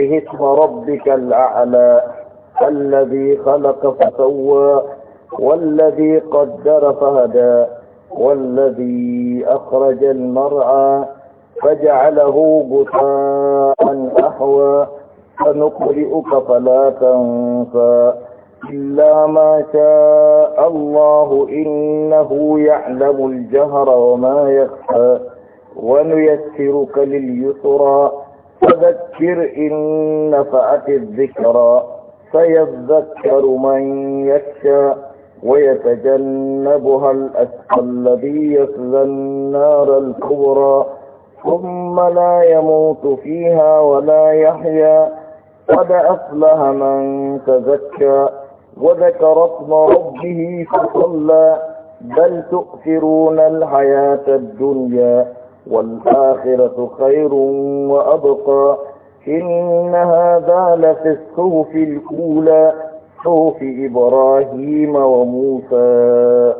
سبح اسم ربك الأعلى الذي خلق فسوى والذي قدر فهدى والذي أخرج المرعى فجعله غثاء أحوى سنقرئك فلا تنسى إلا ما شاء الله إنه يعلم الجهر وما يخفى ونيسرك لليسرى فذكر إن نفعت الذكرى سيذكر من يخشى ويتجنبها الأسقى الذي يخزى النار الكبرى ثم لا يموت فيها ولا يحيا قد أفلح من تزكى وذكر اسم ربه فصلى بل تؤثرون الحياة الدنيا والآخرة خير وأبقى إن هذا لفي الصوف الأولى صوف إبراهيم وموسى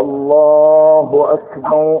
الله أكبر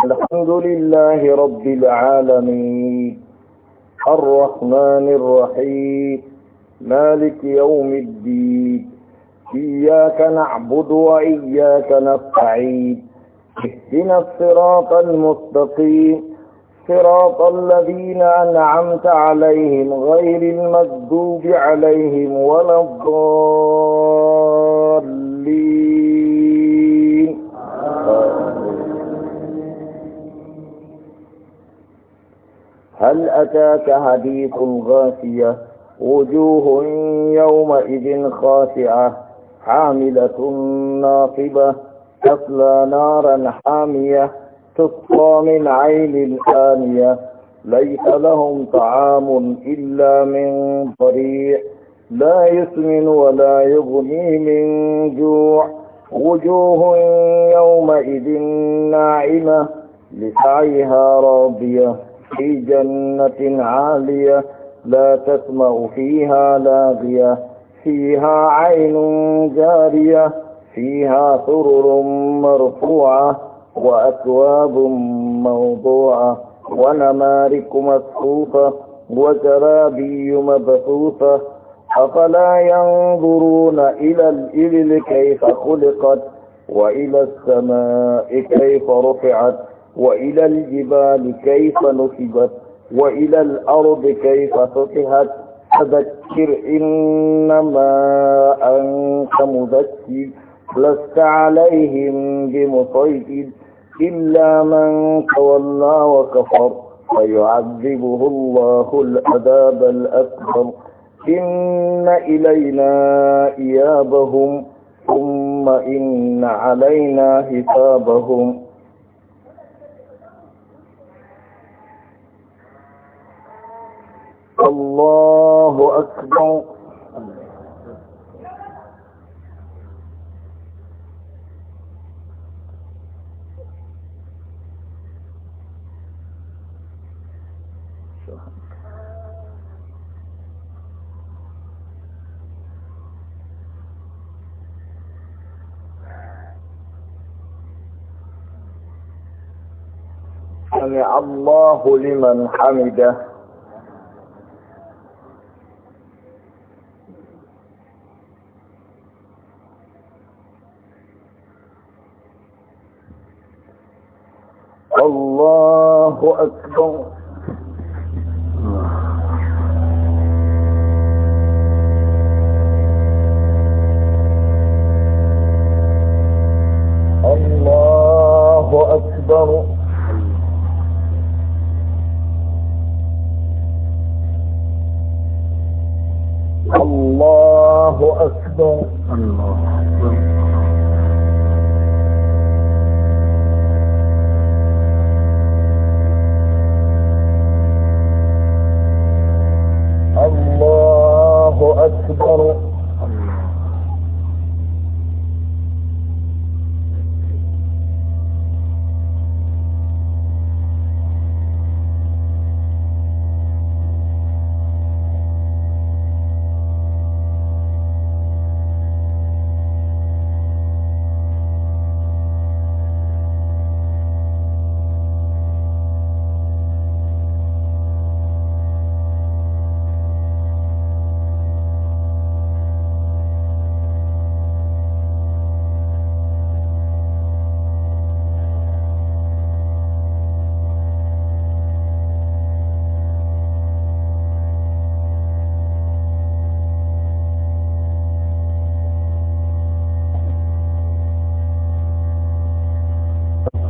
الحمد لله رب العالمين الرحمن الرحيم مالك يوم الدين إياك نعبد وإياك نستعين اهدنا الصراط المستقيم صراط الذين أنعمت عليهم غير المكذوب عليهم ولا الضالين هل أتاك حديث غاشية وجوه يومئذ خاشعة حاملة ناصبة تصلى نارا حامية تسقى من عين آنية ليس لهم طعام إلا من ضريع لا يسمن ولا يغني من جوع وجوه يومئذ ناعمة لسعيها راضية في جنة عالية لا تسمع فيها لاغية فيها عين جارية فيها سرر مرفوعة وأكواب موضوعة ونمارك مصفوفة وزرابي مبثوثة أفلا ينظرون إلى الإبل كيف خلقت وإلى السماء كيف رفعت وإلى الجبال كيف نصبت وإلى الأرض كيف سطحت فذكر إنما أنت مذكر لست عليهم بمصيد إلا من تولى وكفر فيعذبه الله العذاب الأكبر إن إلينا إيابهم ثم إن علينا حسابهم الله أكبر سمع الله لمن حمده ko a cikin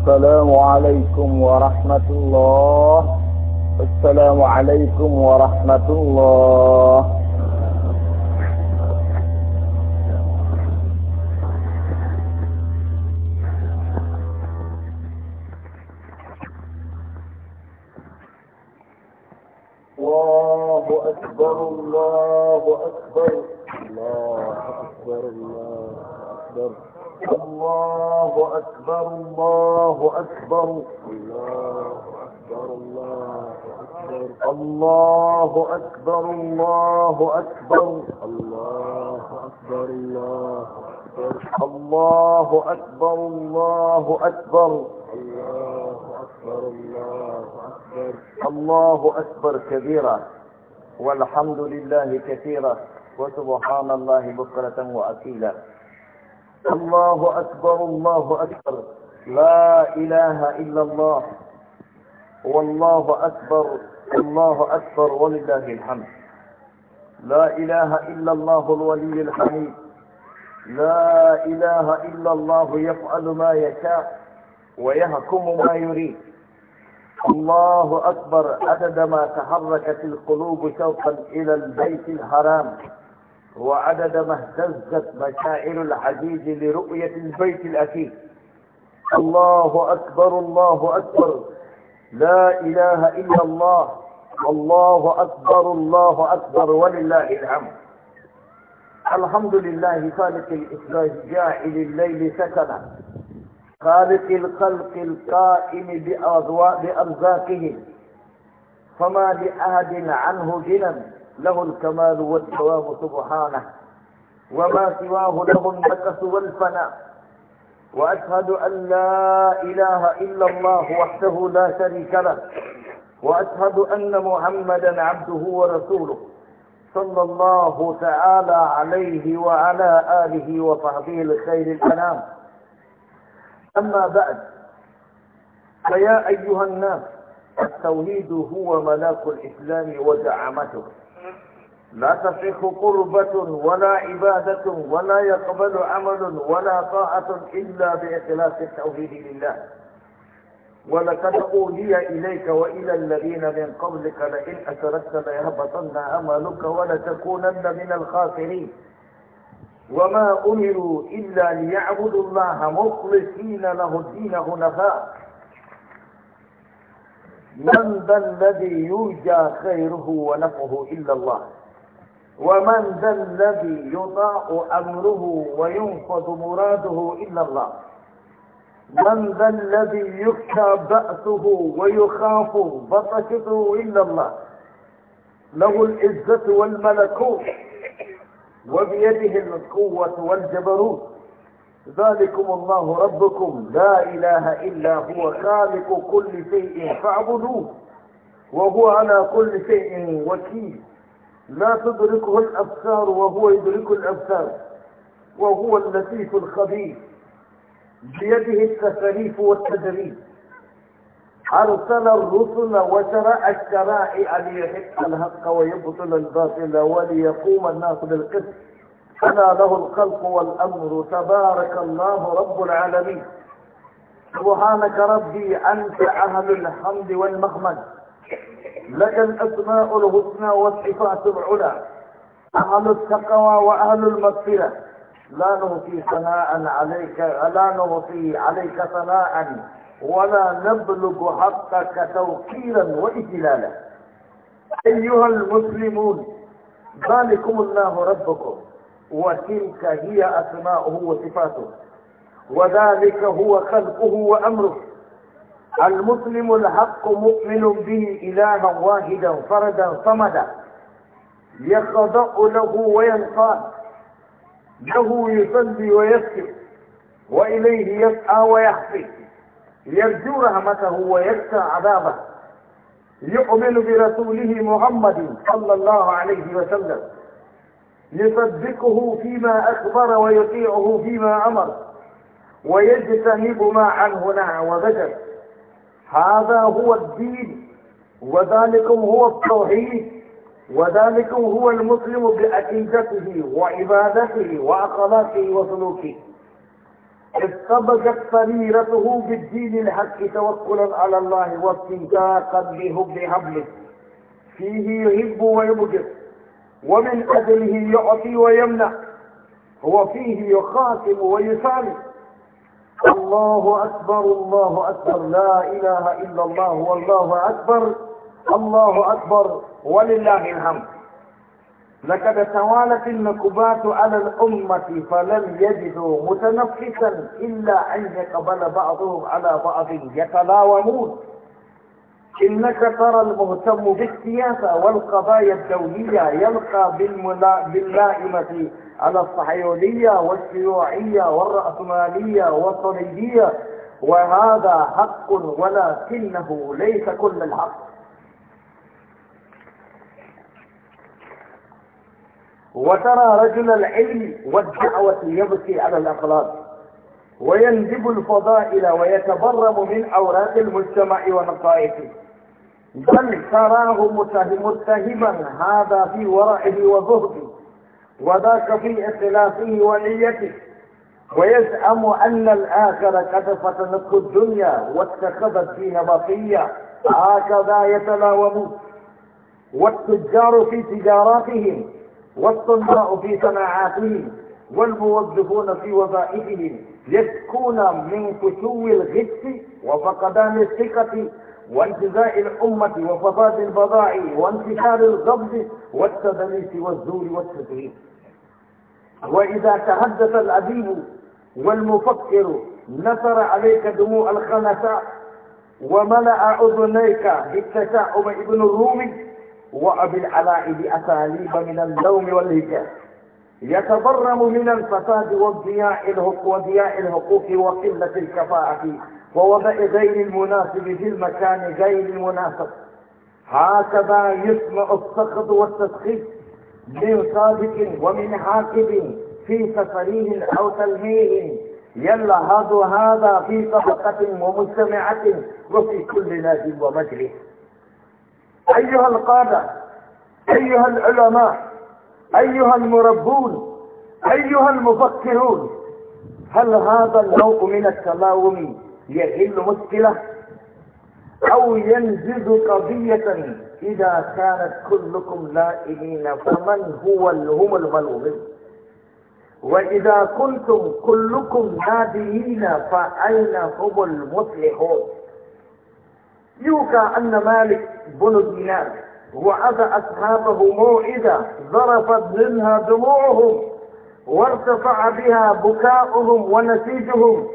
السلام عليكم ورحمة الله السلام عليكم ورحمة الله الله أكبر الله أكبر الله أكبر الله أكبر الله أكبر الله الله أكبر الله أكبر الله أكبر الله أكبر الله أكبر الله أكبر الله أكبر الله أكبر الله أكبر الله أكبر الله أكبر الله أكبر كبيرا والحمد لله كثيرا وسبحان الله بكرة وأكيلا الله أكبر الله أكبر لا إله إلا الله والله أكبر الله أكبر ولله الحمد لا إله إلا الله الولي الحميد لا إله إلا الله يفعل ما يشاء ويهكم ما يريد الله أكبر عدد ما تحركت القلوب شوقا إلى البيت الحرام وعدد ما اهتزت مشاعر العزيز لرؤية البيت الأكيد الله أكبر الله أكبر لا إله إلا الله الله أكبر الله أكبر ولله الحمد الحمد لله خالق الإسلام جاعل الليل سكنا خالق الخلق القائم بأرزاقه فما لأحد عنه جنا له الكمال والدوام سبحانه وما سواه له النكس والفناء وأشهد أن لا إله إلا الله وحده لا شريك له وأشهد أن محمدا عبده ورسوله صلى الله تعالى عليه وعلى آله وصحبه الخير الأنام أما بعد فيا أيها الناس التوحيد هو ملاك الإسلام وزعامته لا تصح قربة ولا عبادة ولا يقبل عمل ولا طاعة إلا بإخلاص التوحيد لله ولقد أوهي إليك وإلى الذين من قبلك لئن أشركت ليهبطن عملك ولتكونن من الخاسرين وما أمروا إلا ليعبدوا الله مخلصين له الدين هنفاء من ذا الذي يرجى خيره ونفعه إلا الله ومن ذا الذي يطاع أمره وينفذ مراده إلا الله من ذا الذي يكشى بأسه ويخاف بطشته إلا الله له العزة والملكوت وبيده القوة والجبروت ذلكم الله ربكم لا إله إلا هو خالق كل شيء فاعبدوه وهو على كل شيء وكيل لا تدركه الأبصار وهو يدرك الأبصار وهو اللطيف الخبير بيده التسريف والتدريب أرسل الرسل وشرع الشرائع ليحق الحق ويبطل الباطل وليقوم الناس بالقسط أنا له الخلق والأمر تبارك الله رب العالمين سبحانك ربي أنت أهل الحمد والمخمد لك الأسماء الحسنى والصفات العلى أهل التقوى وأهل المغفرة لا نعطي ثناء عليك لا نعطي عليك ثناء ولا نبلغ حقك توكيلا وإجلالا أيها المسلمون ذلكم الله ربكم وتلك هي أسماؤه وصفاته وذلك هو خلقه وأمره المسلم الحق مؤمن به إلها واحدا فردا صمدا يخضع له وينقاد له يصلي ويسكت وإليه يسعى ويحفي يرجو رحمته ويسعى عذابه يؤمن برسوله محمد صلى الله عليه وسلم يصدقه فيما أخبر ويطيعه فيما أمر ويجتنب ما عنه نعى وبشر هذا هو الدين وذلك هو التوحيد وذلك هو المسلم بأكيدته وعبادته وأخلاقه وسلوكه اتبجت سريرته بالدين الحق توكلا على الله واتجاقا بحب حبله فيه يحب ويبغض ومن أجله يعطي ويمنع هو فيه يخاتم ويسالم الله أكبر الله أكبر لا إله إلا الله والله أكبر الله أكبر ولله الحمد لقد توالت النكبات على الأمة فلم يجدوا متنفسا إلا أن يقبل بعضهم على بعض يتلاومون إنك ترى المهتم بالسياسة والقضايا الدولية يلقى باللائمة على الصهيونية والشيوعية والرأسمالية والصليبية وهذا حق ولكنه ليس كل الحق وترى رجل العلم والدعوة يبكي على الأخلاق وينجب الفضائل ويتبرم من أوراق المجتمع ونقائته بل تراه متهما هذا في ورعه وزهده وذاك في اختلافه ونيته ويزعم أن الآخر قد فتنته الدنيا واتخذ الدين بقية هكذا يتلاوم والتجار في تجاراتهم والصناع في صناعاتهم والموظفون في وظائفهم يشكون من كسو الغش وفقدان الثقة وانتزاع الأمة وفساد البضاع وانتشار القبض والتدليس والزور والتدريس وإذا تحدث الأديب والمفكر نثر عليك دموع الخنساء وملأ أذنيك بالتشاؤم ابن الرومي وأبي العلاء بأساليب من اللوم والهجاء يتبرم من الفساد وضياء وضياء الحقوق وقلة الكفاءة ووضع غير المناسب في المكان غير المناسب هكذا يسمع السخط والتسخيط من صادق ومن حاكم في سفريه أو تلميذ يلا هذا هذا في طبقة ومجتمعة وفي كل نادي ومجلس أيها القادة أيها العلماء أيها المربون أيها المفكرون هل هذا النوع من التلاوم يحل مشكلة أو ينجز قضية إذا كانت كلكم لائمين فمن هو هم الملومين وإذا كنتم كلكم نادئين فأين هم المصلحون يوكى أن مالك بن دينار وعد أصحابه موعدة ظرفت منها دموعهم وارتفع بها بكاؤهم ونسيجهم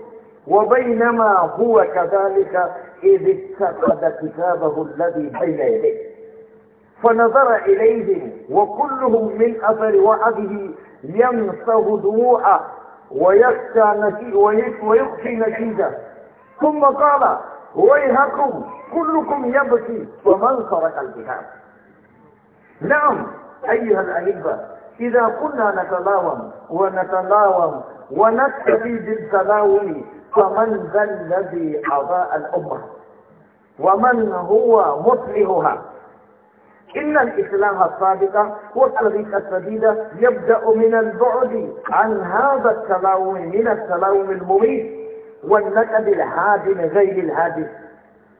وبينما هو كذلك إذ اتخذ كتابه الذي بين يديه فنظر إليهم وكلهم من أثر وعده يمسه دموعه ويخشى نتيجة ثم قال ويهكم كلكم يبكي ومن سرق الكتاب نعم أيها الأحبة إذا كنا نتلاوم ونتلاوم ونكتفي بالتلاوم فمن ذا الذي أضاء الأمة ومن هو مصلحها إن الإسلام الصادق والطريق السديدة يبدأ من البعد عن هذا التلاوم من التلاوم المميت والنكد الهادم غير الهادم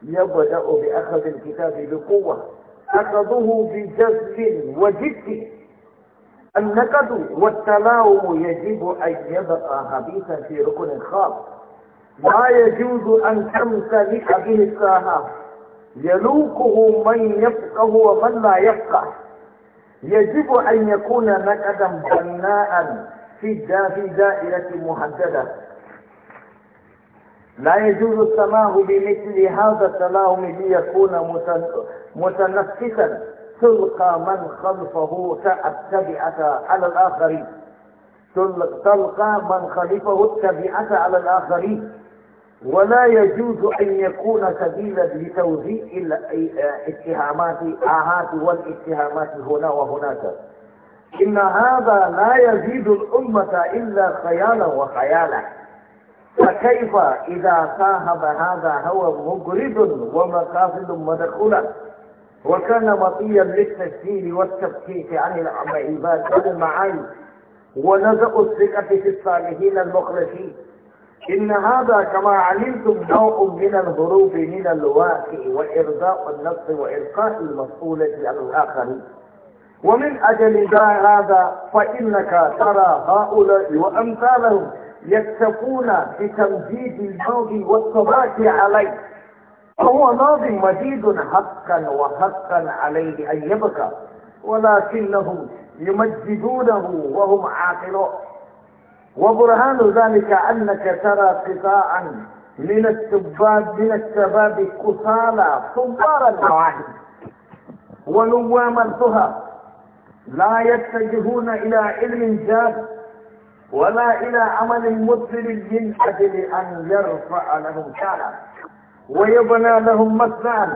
يبدأ بأخذ الكتاب بقوة أخذه بجذب وجد النكد والتلاوم يجب أن يبقى خبيثا في ركن خاص لا يجوز أن تمتلئ به الساحة يلوكه من يفقه ومن لا يفقه يجب أن يكون نكدا بناء في دائرة محددة لا يجوز السماه بمثل هذا السلام ليكون متنفسا تلقى من خلفه التبعة على الآخرين تلقى من خلفه التبعة على الآخرين ولا يجوز أن يكون سبيلا لتوزيع الاتهامات آهات والاتهامات هنا وهناك إن هذا لا يزيد الأمة إلا خيالا وخيالا فكيف إذا صاحب هذا هو مجرد ومقاصد مدخولا وكان مطيا للتسجيل والتفكيك عن العباد والمعاني ونزق الثقة في الصالحين المخلصين إن هذا كما علمتم نوع من الهروب من الواقع وإرضاء النفس وإلقاء المسؤولة على الآخرين ومن أجل هذا فإنك ترى هؤلاء وأمثالهم يكتفون بتمجيد الماضي والثبات عليه فهو ماضي مجيد حقا وحقا عليه أن يبقى ولكنهم يمجدونه وهم عاقلون وبرهان ذلك أنك ترى قطاعا من الشباب من الشباب كسالى صبار النواحي ونوام الدهى لا يتجهون إلى علم جاد ولا إلى عمل مثل من أجل أن يرفع لهم شانا ويبنى لهم مثلا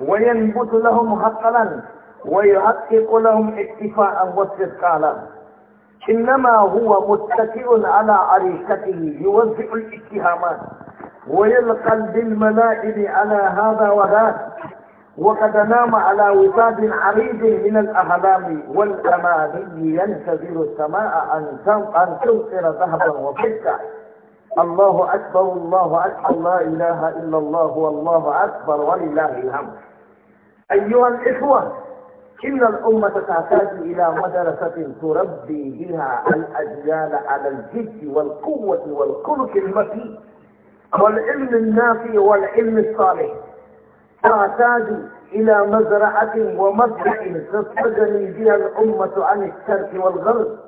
وينبت لهم هطلا ويحقق لهم اكتفاء واستثقالا إنما هو متكئ على عريشته يوزع الاتهامات ويلقى بالملائم على هذا وذاك وقد نام على وساد عريض من الأهلام والأماني ينتظر السماء أن تنقر ذهبا وفكا الله أكبر الله أكبر لا إله إلا الله والله أكبر ولله الحمد أيها الإخوة إن الأمة تحتاج إلى مدرسة تربي بها الأجيال على الجد والقوة والخلق المكي والعلم النافع والعلم الصالح تحتاج إلى مزرعة ومزرع تستغني بها الأمة عن الشرق والغرب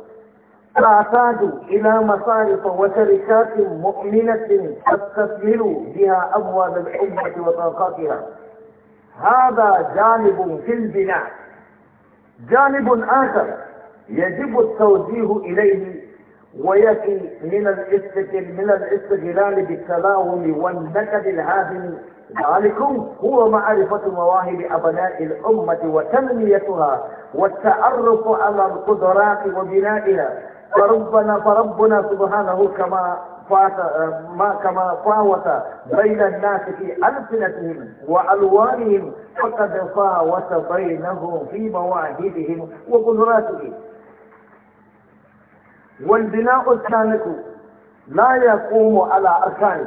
تحتاج إلى مصارف وشركات مؤمنة تستثمر بها أبواب الأمة وطاقاتها هذا جانب في البناء جانب آخر يجب التوجيه إليه ويكي من الاستقلال من الاستقلال بالتلاوم والنكد الهادم ذلكم هو معرفة مواهب أبناء الأمة وتنميتها والتعرف على القدرات وبنائها فربنا فربنا سبحانه كما فات ما كما فاوت بين الناس في ألسنتهم وألوانهم فقد فاوت بينهم في مواهبهم وقدراتهم والبناء السالك لا يقوم على أركان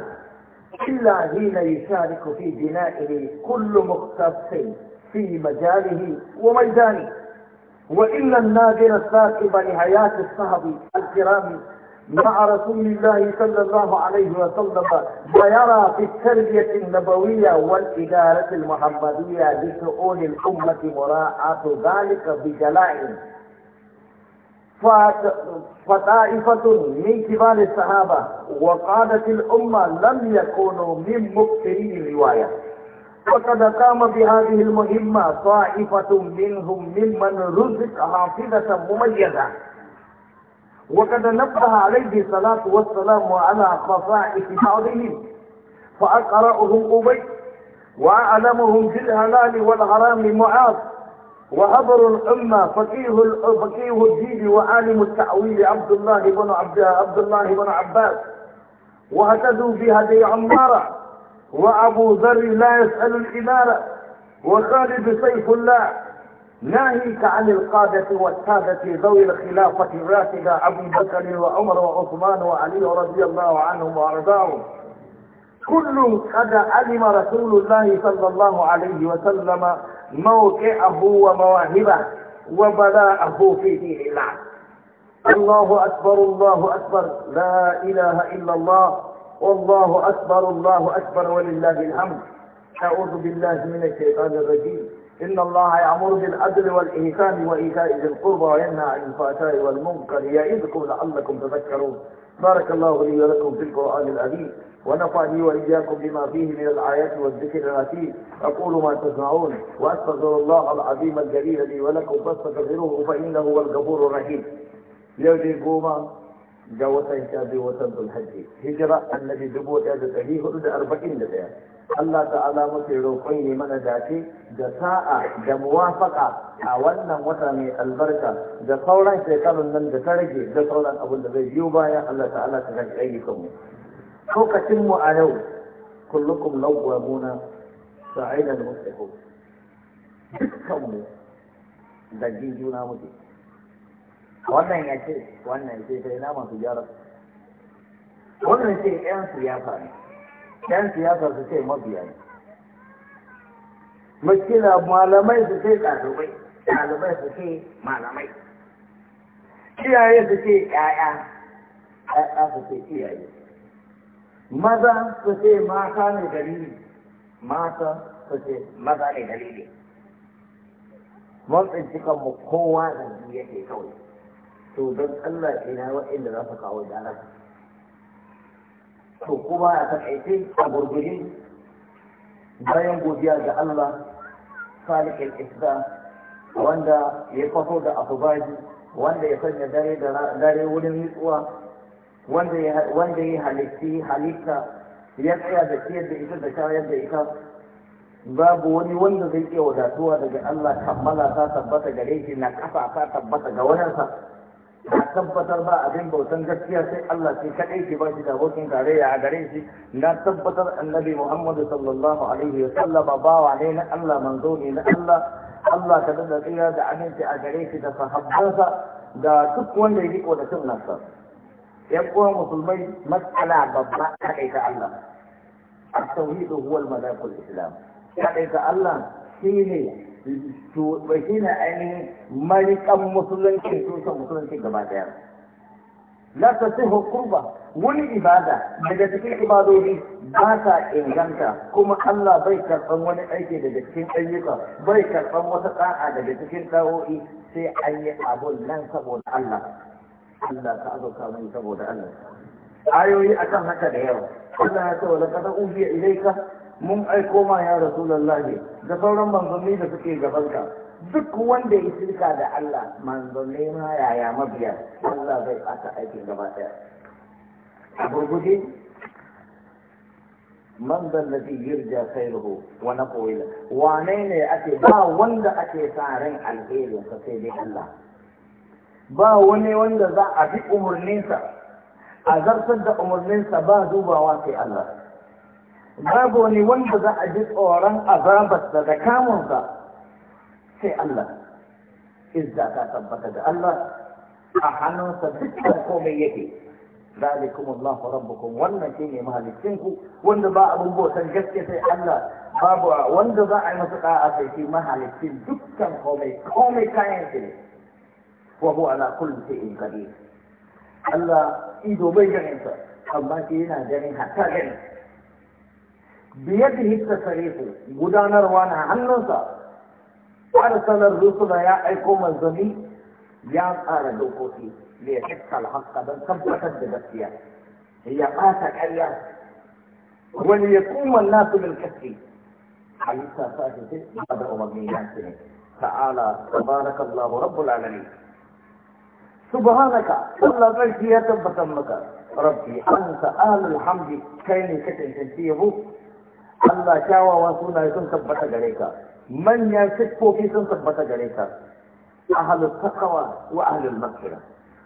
إلا حين يشارك في بنائه كل مختص في مجاله وميدانه وإلا النادر الثاقب لحياة الصحب الكرام مع رسول الله صلى الله عليه وسلم ويرى في التربية النبوية والإدارة المحمدية لشؤون الأمة مراعاة ذلك بجلاء فطائفة من كبار الصحابة وقادة الأمة لم يكونوا من مكثري الرواية وقد قام بهذه المهمة طائفة منهم ممن رزق حافظة مميزة وقد نبه عليه الصلاة والسلام على خصائص بعضهم فأقرأهم أبي وأعلمهم في الهلال والغرام معاذ وأبر الأمة فقيه فقيه الدين وعالم التأويل عبد الله بن عبد عبد الله بن عباس واهتدوا بهدي عمارة وأبو ذر لا يسأل الإمارة وخالد سيف الله ناهيك عن القادة والسادة ذوي الخلافة الراشدة أبو بكر وعمر وعثمان وعلي رضي الله عنهم وأرضاهم كل قد علم رسول الله صلى الله عليه وسلم موقعه ومواهبه وبلاءه في دين الله الله أكبر الله أكبر لا إله إلا الله والله أكبر الله أكبر ولله الحمد أعوذ بالله من الشيطان الرجيم إن الله يأمر بالعدل والإحسان وإيتاء ذي القربى وينهى عن الفحشاء والمنكر يعظكم لعلكم تذكرون بارك الله لي ولكم في القرآن العظيم ونفعني وإياكم بما فيه من الآيات والذكر الحكيم أقول ما تسمعون وأستغفر الله العظيم الجليل لي ولكم فاستغفروه فإنه هو الغفور الرحيم يوجد قوما جوة شابي وسند الحج هجرة النبي دبوت هذا الحديث أربعين لديه Allah ta'ala muke roƙon ne mana dace da sa'a da muwafaka a wannan wata mai albarka da sauran shekarun nan da ta rage da sauran abin da zai biyo baya Allah ta'ala ta rage ayyukan mu lokacin mu a yau kullukum lawwamuna sa'idan muslihu dukkan mu da juna muke wannan ya ce wannan ya ce sai na masu gyara wannan ce 'yan siyasa ne yan siyasa su ce mabiya ne muskila malamai su ce ɗalibai ɗalibai su ce malamai iyaye su ce ƴaƴa ƴaƴa su ce iyaye maza su ce mata ne dalili mata su ce maza ne dalili mun tsinci kanmu kowa da yake kawai to don Allah ina wa'inda za su kawo jarar to kuma a takaice a gurgurin bayan godiya ga Allah salikin isra wanda ya faso da afubaji wanda ya sanya dare da dare wurin nutsuwa wanda ya wanda ya halitta ya tsaya da ciyar da ita da shayar da ita babu wani wanda zai iya wadatuwa daga Allah kammala ta tabbata gare shi na kafa ta tabbata ga wadansa a tabbatar ba abin bautan gaskiya sai Allah sai kaɗai ke ba shi da tarayya a gare shi na tabbatar annabi Muhammadu sallallahu alaihi wa sallam. bawa ne na Allah manzo ne na Allah Allah ka da tsira da aminci a gare shi da sahabbansa da duk wanda ya riko da sunnarsa yan uwan musulmai matsala babba kaɗai ta Allah a tauhidu huwal malakul islam kaɗai ta Allah shine to ba shi ne ainihin marikan musulunci su san musulunci gaba daya la ta ce hukurba wani ibada daga cikin ibadodi ba ta inganta kuma Allah bai karɓan wani aiki daga cikin ayyuka bai karɓan wata ɗa'a daga cikin ɗawo'i sai an yi abun nan saboda Allah Allah ta azauka mai saboda Allah ayoyi akan haka da yawa Allah ya ce wa laqad ubiya ilaika mun aiko ma ya rasulullahi da sauran manzanni da suke gabanka duk wanda ya shirka da Allah manzanni ma yaya mabiya Allah zai ɓata aikin gaba daya a gurguje man zan nabi yurja khairuhu wa naqwila wane ne ake ba wanda ake sa ran alherin sa sai dai Allah ba wani wanda za a bi umarninsa a zartar da umarninsa ba dubawa sai Allah babu wani wanda za a ji tsoron azabarsa da kamunsa sai Allah izza ta tabbata da Allah a hannunsa dukkan komai yake ذلكم الله ربكم wannan shine mahalicin ku wanda ba abun bautan gaske sai Allah babu wanda za a yi masa da'a sai shi mahalicin dukkan komai komai kayan shi ne wa huwa ala kulli shay'in qadir Allah ido bai ganin sa amma shi yana ganin hatta ganin بيده التصريف غدانا روانا عننسا وارسل الرسل يا ايكو منزلي يا قال دوكوتي ليحق الحق بل ثبتت بنفسها هي قاتل اياه وليقوم الناس بالكف حديث فاتت بعد اممياتهم تعالى تبارك الله رب العالمين سبحانك الله غير يا تبتمك ربي انت اهل الحمد كاين كتن تنتيبه Allah kyawawa sunaye sun tabbata gare ka manya siffofi sun tabbata gare ka ahlul taqwa wa ahlul maghfira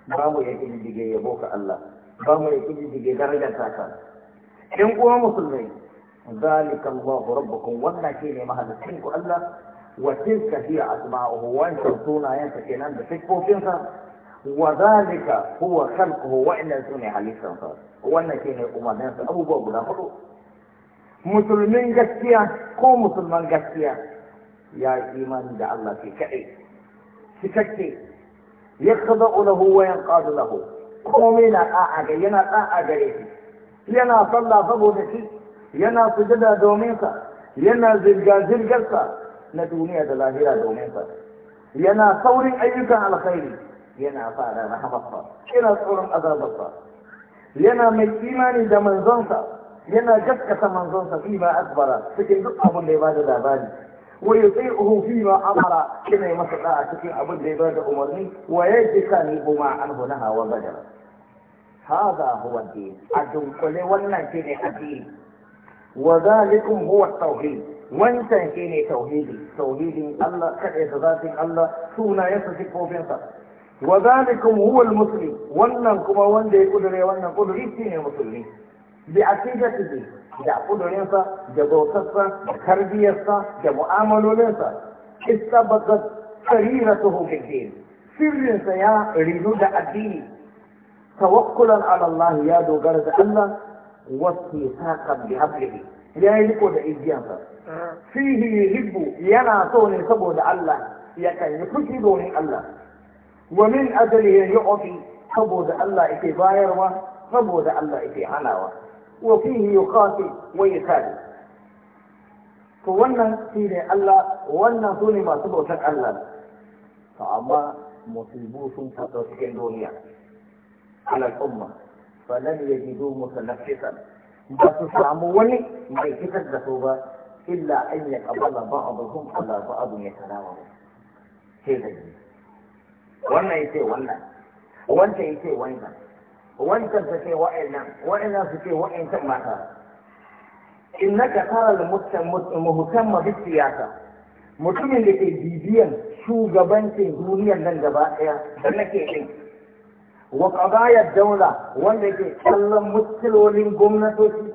ba mu ya kididdige yabo ka Allah ba mu ya kididdige darajar ka in kuma musulmai zalika Allahu rabbukum wannan shine mahallin ku Allah wa tilka hiya asma'uhu wa sunayen sa kenan da siffofin sa وذلك هو خلقه وإن سنة حليسا wannan shi ne umarninsa abubuwa guda hudu musulmin gaskiya ko musulman gaskiya ya imani da Allah ke kaɗai cikakke ya kaza ulahu wa yan ƙadu lahu komai na ɗa'a gare yana ɗa'a gare shi yana sallah saboda shi yana sujada domin sa yana zirga zirgarsa na duniya da lahira domin sa yana saurin ayyukan alkhairi yana fara rahamarsa yana tsoron azabarsa yana mai imani da manzonsa yana gaskata manzonsa fi ma akbara cikin duk abin da ya bada labari wa yuti'uhu fi ma amara kina masa da'a cikin abin da ya bada umarni wa kuma an hu na hawa badara hada huwa din adun kule wannan kine addini wa zalikum huwa tauhid wancan kine tauhidi tauhidin Allah kada da zatin Allah suna ya fi kofinsa wa zalikum huwa almuslim wannan kuma wanda ya kudure wannan kuduri shine musulmi bi aqidatihi da kudurinsa da bautarsa da karbiyarsa da mu'amalolinsa istabaqat sariratuhu fi din sirrinsa ya ridu da addini tawakkulan ala ya dogara da Allah wasu saqan bi hablihi ya yi riko da igiyansa fihi yuhibbu yana so ne saboda Allah ya kan yi fushi domin Allah wa min ajlihi yu'ti saboda Allah yake bayarwa saboda Allah yake hanawa وفيه يقاتل ويخالف to wannan shi ne Allah wannan su ne masu bautar Allah to amma musulmi sun fito cikin duniya ala umma falan yajidu mutanaffisan ba su samu wani mai fitar da su ba illa an ya kabala ba'aduhum ala ba'adun ya kalama sai da wannan yace wannan wanda yace wannan wancan ta ce wa'annan wa'annan su ce wa'ancan mata innaka tara muhtamma bi siyasa mutumin da ke bibiyan shugabancin duniyar nan gaba ɗaya da nake yin wa qadaya daula wanda ke kallon muskilolin gwamnatoci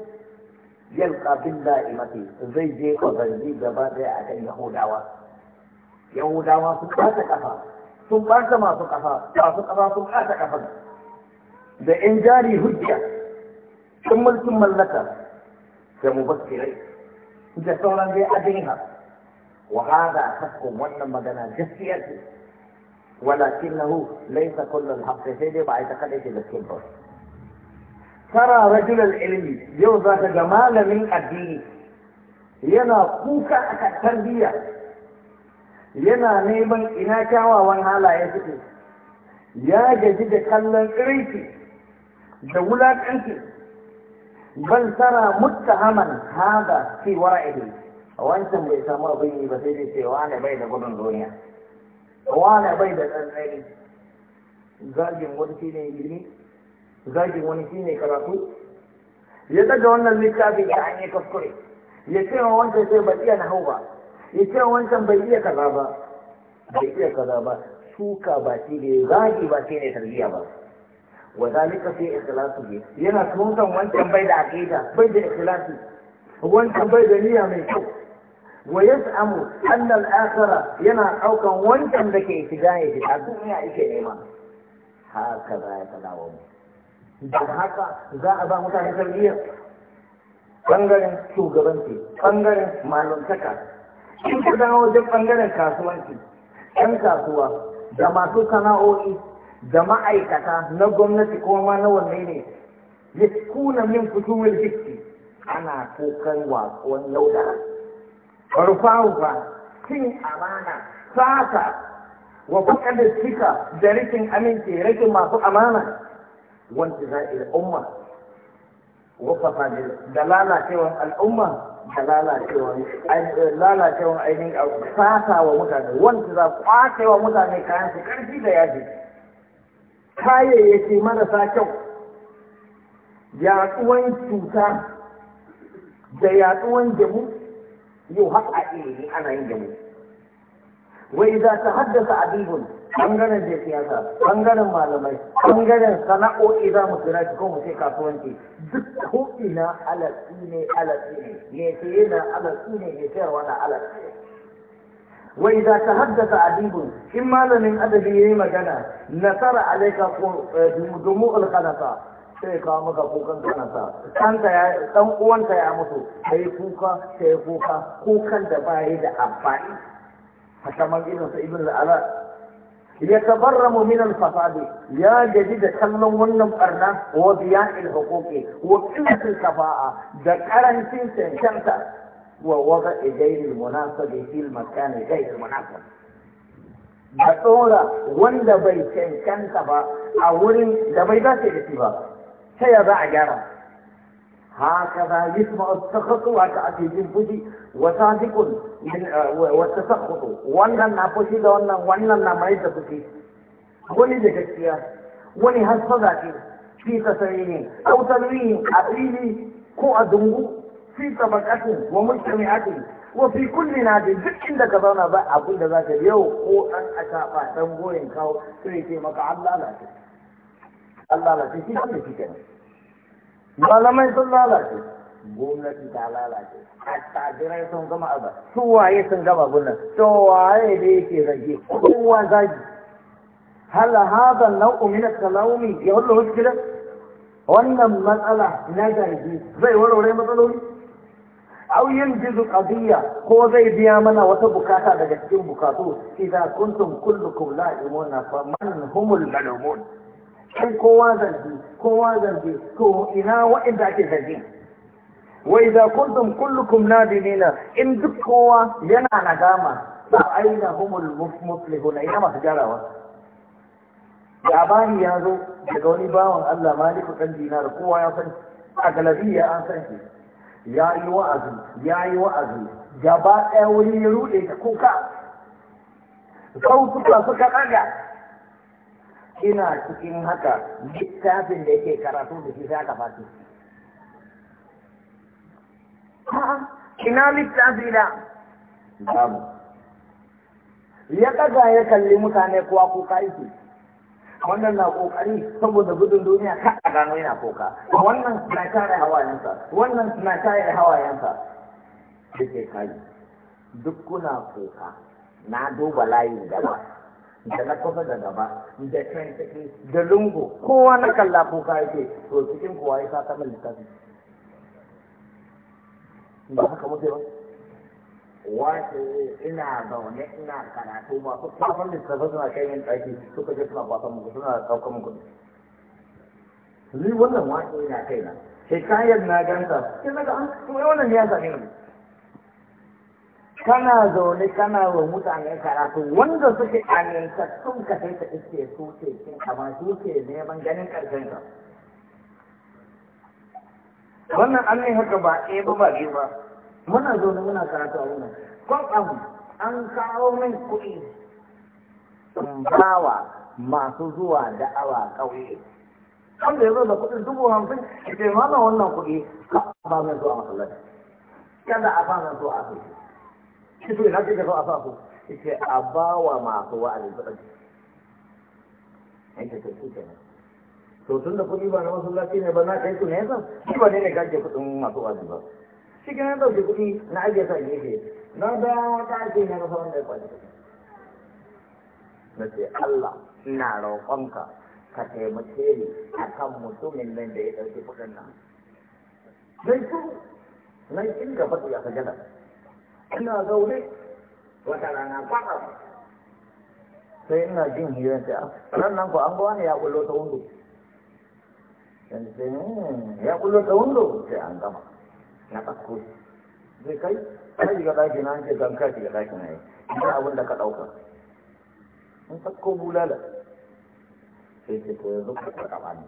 yalqa bil da'imati zai je ƙazanji gaba ɗaya a kan yahudawa yahudawa sun ɓata ƙafa sun ɓata masu ƙafa masu ƙafa sun ɓata ƙafa da in jari hujja sun mulkin mallaka da mu bakke rai da sauran dai a daina wa hada hakkun wannan magana gaskiya ce walakin lahu laisa kullu al sai dai ba aita kada ke da kin tara rajul al yau za ka ga malamin addini yana kuka a kan yana neman ina kyawawan halaye suke ya gaji da kallon tsirinki da wulaƙanci ban tara haman haɗa fi wara'ihi wancan bai samu abin yi ba sai dai ce wane bai da gudun duniya wane bai da tsantsari zagin wani shi ne ilimi zagin wani shi ne karatu ya daga wannan littafi da an yi ya ce wa wancan sai bai iya hau ba ya ce wa wancan bai iya kaza ba bai iya kaza ba suka ba shi ne zagi ba shi ne tarbiyya ba wa zalika fi ikhlasi yana tukan wancan bai da aqida bai da ikhlasi wancan bai da niyya mai kyau wa yas'amu anna al-akhira yana daukan wancan da ke shiga ya shiga duniya yake nema haka za ya wa mu don haka za a ba mutane tarbiyyar bangaren shugabanci bangaren malantaka in ka dawo wajen bangaren kasuwanci 'yan kasuwa da masu sana'o'i da ma'aikata na gwamnati ko ma na wanne ne kuna min fitowar jiki ana kokan wasan yaudara ba cin amana sata wa da cika da rikin aminci rikin masu amana wanda a umma wa fasadil da lalacewar al'umma da lalacewar ainihin sata wa mutane wanda za kwace wa mutane kayan su karfi da yaji kayayyaki marasa kyau yaduwan cuta da yaduwan gemu yau har a ne ana yin gemu wai za ta haddasa adibun ɓangaren da siyasa ɓangaren malamai ɓangaren sana'o'i za mu kira shi ko mu sai kasuwanci duk ko'ina ina alatsi ne alatsi ne ya ce yana alatsi ne ya sayarwa na alatsi ne wa idza tahaddatha adibun in malamin adabi yayi magana nasara alayka eh, dumu al-khalaqa sai kawo maka kukan kanasa kanka ya dan uwanka ya mutu sai kuka sai kuka kukan da bai da amfani haka man irin sa ibn al-ala ya tabarramu min al-fasad ya gaji da kallon wannan barna wa biya'il huquqi wa qillatil kafa'a da karancin cancanta ووضع ايدي المناسبه في المكان غير المناسب بطولة وند بي كان كانت با اولي دبي دا سيكتي با سيضع جارا هكذا يسمع السخط وكأتي جن فجي وصادق وتسخط وانا نافشي دا وانا وانا نمائز بكي ولي دا كتيا ولي هسفا ذاكي في تسريني او تنويني اقليلي كو ادنغو fi tabaqatin wa mujtami'atin wa fi kulli nadi duk inda ka zauna ba abin da zaka yau ko an ataba dan goyen kawo sai ce maka Allah lalace Allah lalace shi ne shi kenan malamai sun lalace gwamnati ta lalace attajirai sun gama abu su waye sun gama gunan to waye da yake zage kowa zagi hal hada nau'u min at-talawmi yahullu mushkila wannan matsala na zargi zai warware matsaloli aw yanjizu qadiyya ko zai biya mana wata bukata daga cikin bukatu idza kuntum kullukum la'imuna fa man humul malumun kai kowa zargi kowa zargi to ina wa'inda ake zargi wa idza kuntum kullukum nadimina in duk kowa yana nadama fa aina humul muflihuna ina masu jarawa labari ya zo daga wani bawan Allah maliku dan dinar kowa ya san a galabiya an san ya yi wa'azi ya yi wa'azi gaba ɗaya wuri ya ruɗe ta kuka sautuka suka ɗaga ina cikin haka littafin da yake karatu da shi sai aka fashi ina littafi da ya ɗaga ya kalli mutane kuwa kuka yake wannan na kokari saboda gudun duniya ka a gano yana koka wannan na kare hawayensa wannan na kare hawayensa sai kai kai duk kuna koka na duba layin gaba da na kusa da gaba da can ciki da lungu kowa na kalla koka yake to cikin kowa ya sa kamar littafi ba haka muke ba wace ina zaune ina karatu ba su kwafan littafa suna kai yin ɗaki suka je suna kwasan muku suna ɗaukar muku ni wannan wace ina kai na sai kayan na ganta sai na ga an kuma wannan ya zane mu kana zaune kana wa mutane karatu wanda suke amintattun ka sai ta iske su ke cin amma su ke neman ganin ƙarshen ka wannan an yi haka ba ɗaya ba ba biyu ba muna zaune muna karatu a wurin kwakwam an kawo min kuɗi in bawa masu zuwa da'awa ƙauye wanda ya zo da kuɗi dubu hamsin ya ce mana wannan kuɗi ka ba zuwa masallaci kada a ba zuwa asibiti ina ce ka zo a ce a ba wa masu wa'azi kuɗin ya ce shi to tun da kuɗi ba na masallaci ne ba na kai su ne ya shi ba Cikin na ɗauki kuɗi na ajiye sa gefe na dawo wata ake na rasa wanda ya kwanci na ce Allah ina roƙonka ka taimake ni a kan mutumin nan da ya ɗauki kuɗin nan zai turu nan inda faɗi a sajada ina zaune wata rana kwaɗa sai ina jin hirar ta ah, ran nan ko an ga wani ya kullo ta wundo hmm, ya kullo ta wundo sai an gama na ɗauko zai kai kai daga ɗaki na an ce don kai shiga ɗaki na yi ina abin da ka ɗauka in ɗauko bulala sai ce to yanzu ka ɗauka ba ne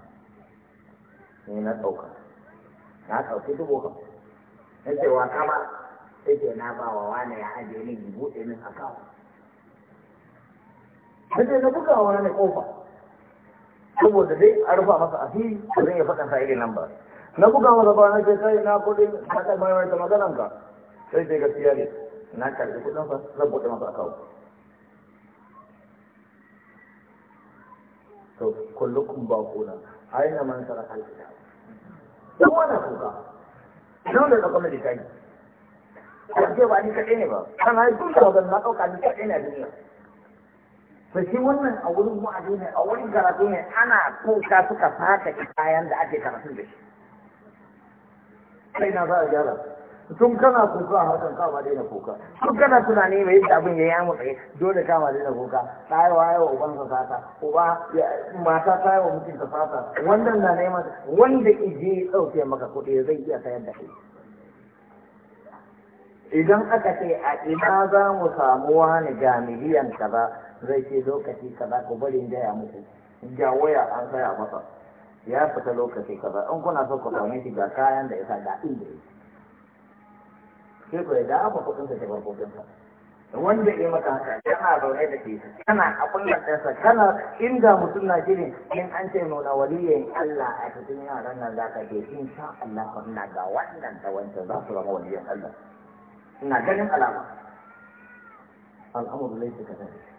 ne na ɗauka na ɗauki dubu ka na ce wa ka ba sai ce na ba wa wane ya ajiye ni in buɗe min kawo na ce na buga wa wane ƙofa saboda dai a rufa masa asiri fi zai iya faɗa sa irin lambar na buga masa ba na ce kai na kudi a mai mai ta maganan ka sai ce gaskiya ne na karɓi kuɗin fa zan buɗe masa akawu to kullukum baquna aina man saraka alkitab dan wannan kuka nan da kuma da kai ake ba ni kaɗai ne ba kan ai duk da na ɗauka ni kaɗai ne a duniya to shi wannan a wurin mu'azi ne a wurin karatu ne ana kuka suka fata kayan da ake karatu da shi kai na za a gyara tun kana kuka a harkar kama daina kuka tun kana tunani mai yadda abin ya yamu tsaye dole kama daina kuka tsayawa yawa ubansa sata uba mata ta mutum mutunta sata wannan na nema wanda ije ya tsauke maka kuɗi zai iya sayar da kai idan aka ce a ina za mu samu wani ga miliyan kaza zai ce lokaci kaza ku bari in gaya muku ga waya an saya masa ya fita lokaci kaza in kuna so ku same shi ga kayan da yasa da inda yake sai ku da aka kudin sa daga kudin sa wanda ya maka haka yana zaune da shi kana a kullum sa kana inda mutum na shirin in an ce nuna waliyin Allah a cikin yaran nan zaka ka insha Allah ko Allah na ga wannan da wancan za su zama waliyin Allah ina ganin alama al'amuru laysa kadhalika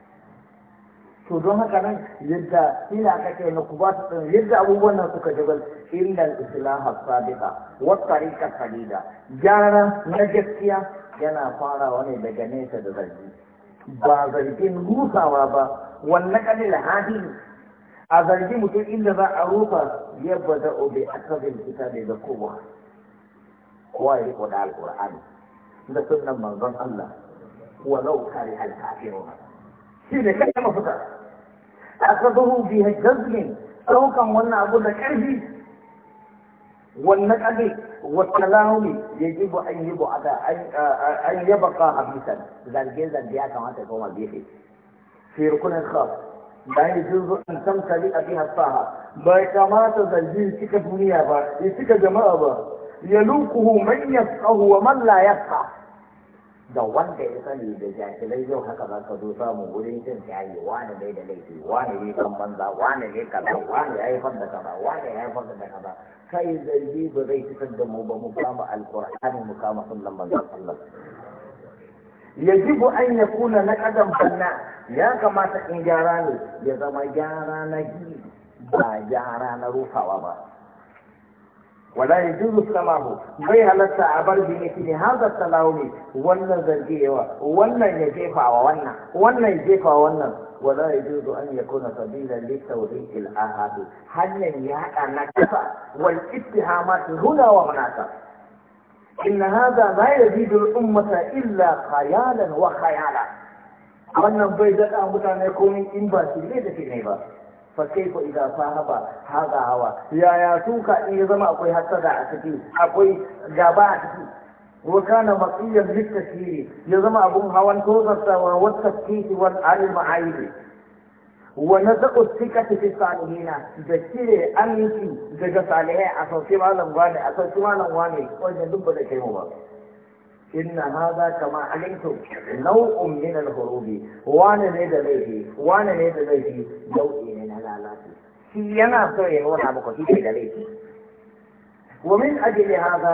to don haka nan yadda ina kake na ku ba su yadda abubuwan nan suka jabal illal islaha sabiqa wa tariqa salida gyara na gaskiya yana farawa ne daga nesa da zargi ba zargin rusawa ba wannan kadil hadin a zargi mutum inda za a rufa yabba da obe akabin kitabe da kowa kowa ya riko da alkur'ani da sunan manzon Allah walau kare al-kafiruna shi ne kai mafita asabahu bi jazmin daukan wannan abu da karfi wannan kage wasalahumi yajibu an yibu ada an yabqa habisan zalge zalge ya kamata ya koma gefe fi rukunin khas bayan sun zo an tamtali a biha saha bai kamata zalge cika duniya ba ya cika jama'a ba yalukuhu man yafqahu wa man la yafqahu da wanda ya sani da jahilai yau haka za ka zo samun wurin jin shayi da laifi wani ne kan banza wani ne kaza wani ya haifar da kaza wani ya haifar da kaza kai zargi ba zai fitar da mu ba mu kama alkur'ani mu kama sunnan manzon Allah yajibu an yakuna na kadan banna ya kamata in gyara ne ya zama gyara na ba gyara na rufawa ba wala ya juzu salamu bai halatta a bar bi yake ne haza salamu wannan zargewa wannan ya wa wannan wannan ya jefawa wannan wala ya juzu an yakuna sabila li tawhidil ahad hanyar ya hada na kafa wal ittihamat huna wa hunaka إن هذا لا يزيد wannan bai daɗa mutane komai in ba su ne da ne ba fakai ko idan sahaba hagawa ya ya tuka in ya zama akwai hasada a cikin akwai gaba a cikin wa kana maqiyyan bi ya zama abun hawan ko sarta wa wakati shi wa alim aidi wa nadaqu sikati fi salihina da kire an daga salihai a sauke malam gwani a sauke malam gwani ko da da ba in hada kama alaitu nau'un min alhurubi ne da laifi wa ne da laifi shi yana so ya nuna muku shi ke da laifi wa min ba hadha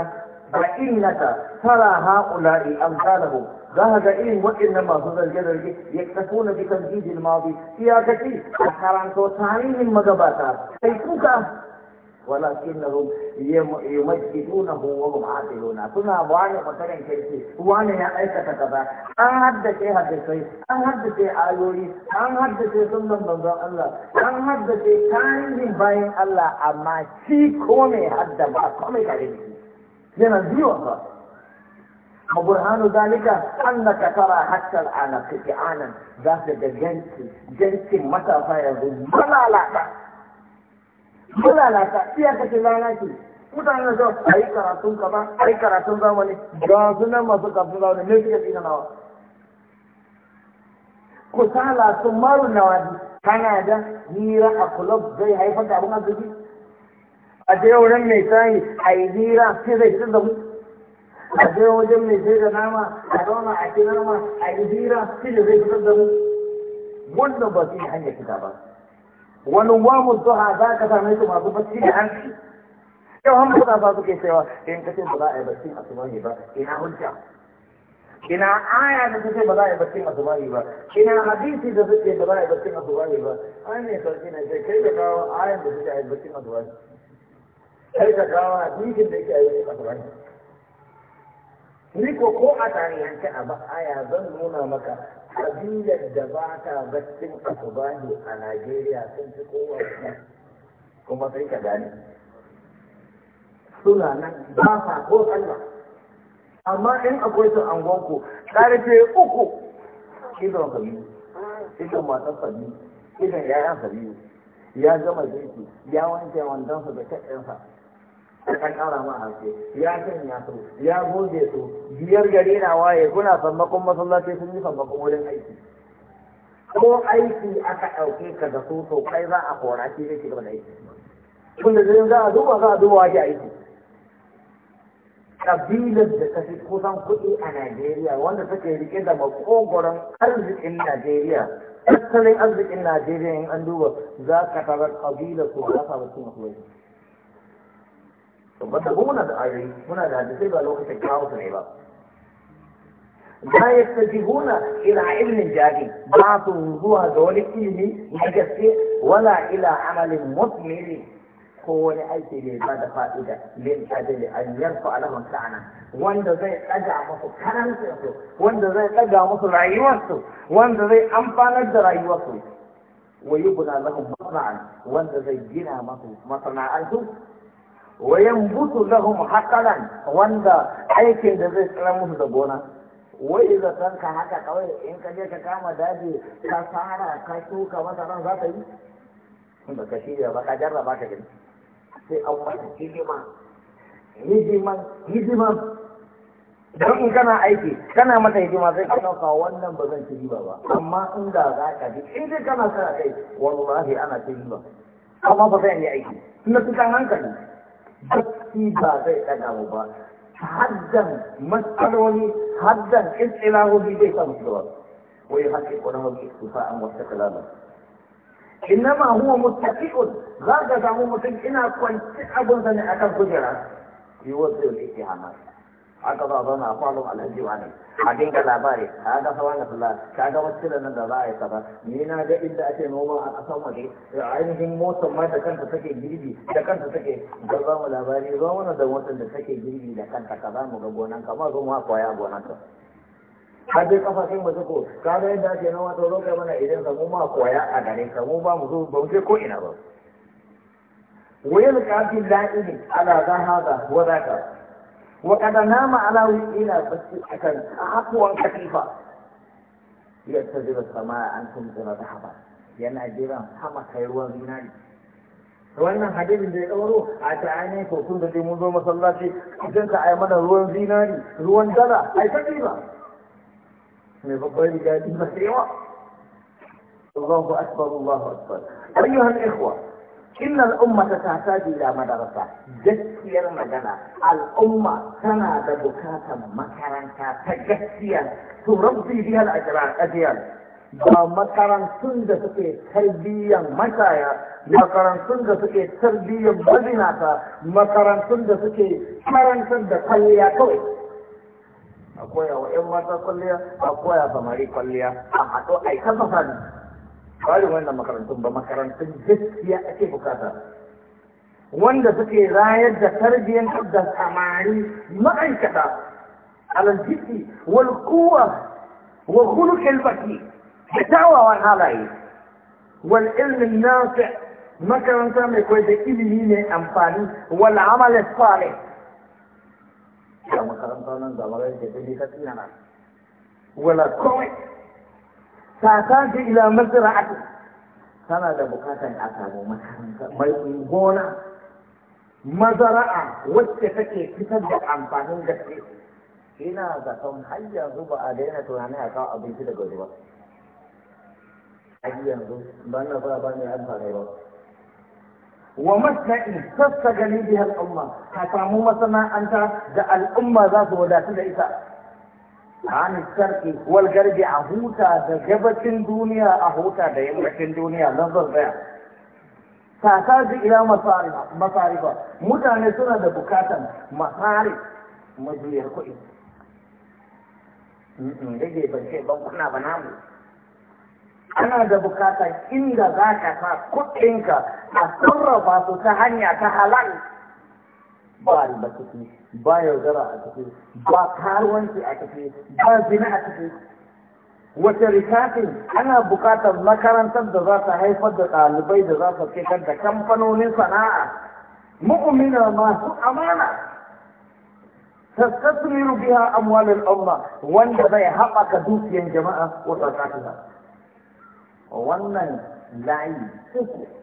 fa innaka tara haula'i amsalahum za ga irin waɗannan masu zarge-zarge ya tafuna na jikan jijin mawabi. Iyakaci ci a karanto tarihin magabata sai kuka walakinahum yumajjidunahu wa hum atiluna suna wani mutaren kirki wani ya aikata kaza an haddace hadisai an haddace ayoyi an haddace sunan manzon Allah an haddace tarihin bayan Allah amma shi ko mai hadda ba ko mai kare ne yana jiwa ba ma burhanu zalika annaka tara hatta al'ana fi'anan za ka ga jinki jinki matafa yanzu malalata mun lalata iyakacin rana ce mutane na zuwa a yi karatun kaza a yi karatun zamani ga nan masu karatun zamani ne suke tsina nawa ku sala sun maru nawadi kana da hira a kulob zai haifar da abin arziki a je wurin mai sani a yi hira sai zai fitar da mu a je wajen mai sai da nama a zauna a ci nama a yi hira sai zai fitar da mu wannan ba su yi hanyar fita ba wani wamu duha za ka same su masu bacci da hanci yau han kuna ba ke cewa eh, in ka ce ba za a yi bacci a subahi ba ina hujja ina aya da suke ce ba za a yi bacci a subahi ba ina hadisi da suke ba za a yi bacci a subahi ba An ne sarki na sai kai da kawo ayan da suke a yi bacci a subahi kai da kawo hadisin da yake a yi bacci a subahi riko ko a tarihance a ba'aya zan nuna maka kabilar da ba ta baccin asubani a najeriya sun fi kowa kuma sai ka gane suna nan ba sa ko sallah amma in akwai su angonku ƙarfe uku idon sabi idon matan sabi idon yayan sabi ya gama girki ya wanke wandonsa da kyakkyansa. da kan ƙara ma haske ya sanya su ya goge su biyar gari na waye kuna sammakon masallaci sun yi sammakon wurin aiki ko aiki aka ɗauke ka da su to kai za a kora shi zai gaba da aiki tun da zirin za a duba za a duba wa aiki kabilar da ta fi kusan kuɗi a Najeriya wanda take rike da makogoron arzikin Najeriya tattalin arzikin Najeriya in an duba za ka tarar kabilar su za ta mutum a to banda muna da ayoyi muna da hadisai ba lokacin kawo su ne ba la yastajibuna ila ilmin jadi ba su zuwa ga wani ilimi na gaske wala ila amalin mutmiri ko wani aiki ne ba da fa'ida lin ajali an yarfa alahum sa'ana wanda zai daga musu karantarsu wanda zai daga musu rayuwarsu wanda zai amfanar da rayuwarsu wa yubna lahum masana'an wanda zai gina masu masana'antu Wayan butu lahum haqalan wanda aikin da zai tsira musu da gona wai zaton ka haka kawai in ka je ka kama daji ka fara ka shuka masa ran za ta yi ba ka shirya ba ka jarraba ka gani sai an wata hidima hidima, hidima. don in kana aiki kana mata hidima sai ka ɗauka wannan ba zan ci riba ba amma in da za ka ji in dai kana sa kai wallahi ana ci riba amma ba zan yi aiki tunda tukan hankali gaski ba zai ɗaga mu ba haddan matsaloli haddan ƙirƙirawobi zai samu ba wai haƙi ƙwararwa ke tufa an wata kalama innama huwa mustaqi'un za ka samu mutum ina kwanci abin sa ne akan kujera yi zai yau ke hama aka zo zauna a kwalon alhaji wani a dinga labari a ga sawan da fulla ka ga wasu da nan da za a yi kaza ni na ga inda ake noma a ƙasar waje ainihin motar ma da kanta take girbi da kanta take ga za mu labari zo wani da motar da take girbi da kanta ka za mu ga gonan ka ma zo mu koya gonan ka har dai kafafin mu suko ka ga yadda ake noma to roƙa kai mana idan ka mu ma koya a gare ka mu ba mu zo ba mu je ko ina ba ويلقى kafin la'ini على ذا هذا وذاك وقد نام على وجهنا بسيحة أقوى كثيفة يتجب السماء أن تمطر ذهبا yana jiran sama kai ruwan zinari wannan hadisin da ya ɗauro a ta ainihin to tun da dai mun zo masallaci idan ka mana ruwan zinari ruwan dala ai ta ba mai babbar riga ɗin ba sai yawa Allahu akbar Allahu akbar ayyuhan ikhwa inna al'umma ta tafi da madarasa gaskiyar magana al'umma tana da bukatar makaranta ta gaskiya to rabbi bihal ajra ajiyal ba makarantun da suke tarbiyyar mataya, makarantun da suke tarbiyyar mazinata makarantun da suke karantar da kwalliya kawai a koya wa 'yan mata kwalliya a koya samari kwalliya a haɗo aikata sani ba wannan makarantun ba makarantun gaskiya ake bukata wanda suke rayar da tarbiyyar da samari ma'aikata alaljiki wal kuwa wa khuluqil baki da tawawan halaye wal ilmin nafi makaranta mai koyar da ilimi mai amfani wal amal salih da makaranta nan da marar da dai ka tsina wala komai ila إلى مزرعة tana da bukatar a samu makaranta mai gona mazara'a wacce take fitar da amfanin gaske ina kan har yanzu ba a daina tunani a kawo abinci daga ruwa har yanzu ba na ba ba ne amfani ba wa masna'i sassa gani biyar al'umma ka samu masana'anta da al'umma za su wadatu da ita an sarki wal garbi a huta da gabacin duniya a huta da yammacin duniya nan zan tsaya Ta kaka ji ila masarifa mutane suna da bukatan masari majiyar kuɗi In rage ban ce bankuna ba namu ana da bukatan inda za ka sa kuɗinka a sarrafa su ta hanya ta halal ba riba ciki ba yaudara a ciki ba karuwanci a ciki ba zina a ciki wace rikafin ana buƙatar makarantar da za ta haifar da ɗalibai da za su fitar da kamfanonin sana'a mu'mina masu amana تستثمر بها أموال wanda zai haɓaka حقك jama'a جماعة وتركاتها wannan layi يسكت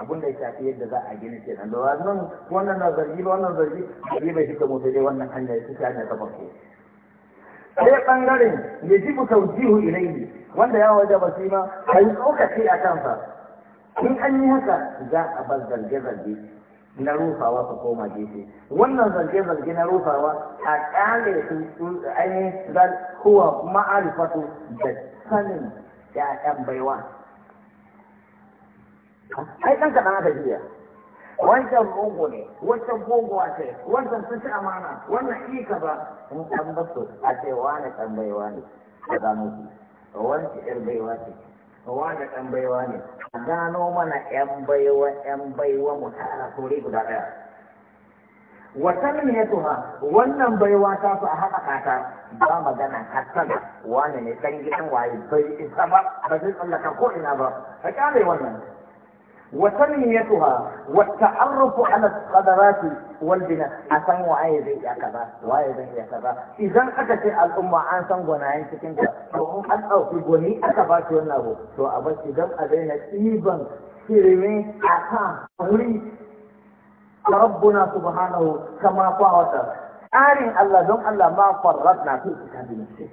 abin da ya shafi yadda za a gina nan da wannan wannan na zargi ba wannan zargi zargi bai fita motsa sai dai wannan hanya ya fita hanya ta farko sai bangaren ya ji jihu ilaihi wanda ya waje ba shi ma kai tsokaci a kansa in an yi haka za a bar zarge-zarge na rufawa su koma gefe wannan zarge-zarge na rufawa a kale su ainihin huwa ma'arifatu da sanin ya'yan baiwa ai ɗan kaɗan aka jiya wancan mugu ne wancan a ce wancan sun ci amana wannan ka ba in ɗan basu a ce wane ɗan baiwa ne a gano su wancan ƴar baiwa ce Wane ɗan baiwa ne a gano mana 'yan baiwa ƴan baiwa mu tara kore guda ɗaya watan ne tuha wannan baiwa ta su a haɗa kata. ba magana hassan wani ne ɗan gidan waye bai isa ba ba zai tsallaka ko ina ba ka kyale wannan وتنميتها والتعرف على القدرات والبناء أسان وعي زي يا كذا وعي زي يا كذا إذا أكت الأمة عن سان غناين تكنت وهم أن أو في غني أكبات ونه تو أبس إذا أدينا إيبن سيرمي أسان ولي ربنا سبحانه كما فاوت آرين الله دون الله ما فرطنا في كتاب المسيح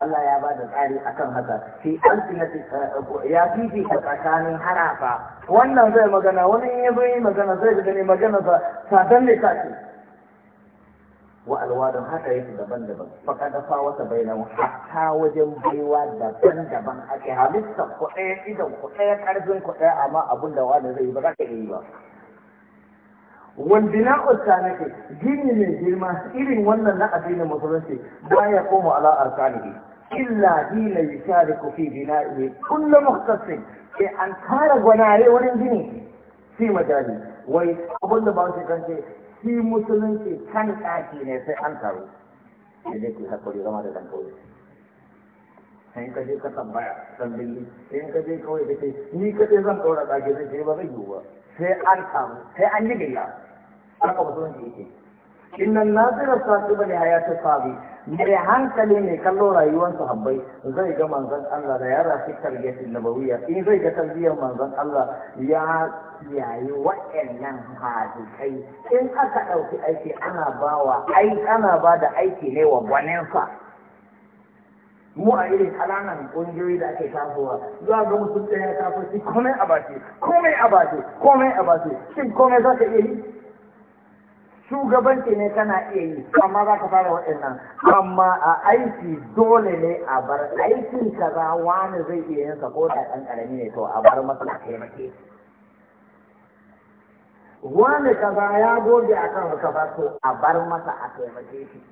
Allah ya ba da tsari a kan haka fi alfinati eh, ya fifi a tsakanin harafa wannan zai magana wani in yi magana zai ga ne magana sa sadan ne ta ce wa alwadun haka yake daban-daban faka da fa wata nan hatta wajen baiwa daban-daban ake halittar kuɗaya idan ƙarfin kuɗaya, amma abin da wani zai yi ba za ka iya yi ba wandina usta nake gini mai girma irin wannan na addinin musulunci baya komo ala arkanihi illa dina yushariku fi bina'ihi kullu muhtasin sai an tara gwanare wurin gini shi majali wai abin ba su kan ce shi musulunci kan ɗaki ne sai an taru da dai ku haƙuri da ɗan kawai in ka je ka tambaya san billi in ka je kawai ka ce ni kaɗai zan ɗaura ɗaki zai ba zai yiwu ba sai an samu sai an yi gayya haka musulunci yake innan nasirar sasu bane sabi mai hankali ne kallo rayuwar sahabbai zai ga manzon Allah da yara fi tarbiyyar nabawiyya in zai ga tarbiyyar manzon Allah ya yayi wa'annan hadisai in aka ɗauki aiki ana bawa ai ana ba da aiki ne wa gwaninsa mu a irin kananan ƙungiyoyi da ake tasowa za ga mutum ɗaya ya taso shi komai a bashi, komai a bashi, komai a bashi, shin komai za ka iya yi shugabanci ne kana iya yi amma za ka fara waɗannan amma a aiki dole ne a bar aikin kaza wani zai iya yin sa ko da ɗan ƙarami ne to a bar masa a taimake wani kaza ya goge akan kaza to a bar masa a taimake shi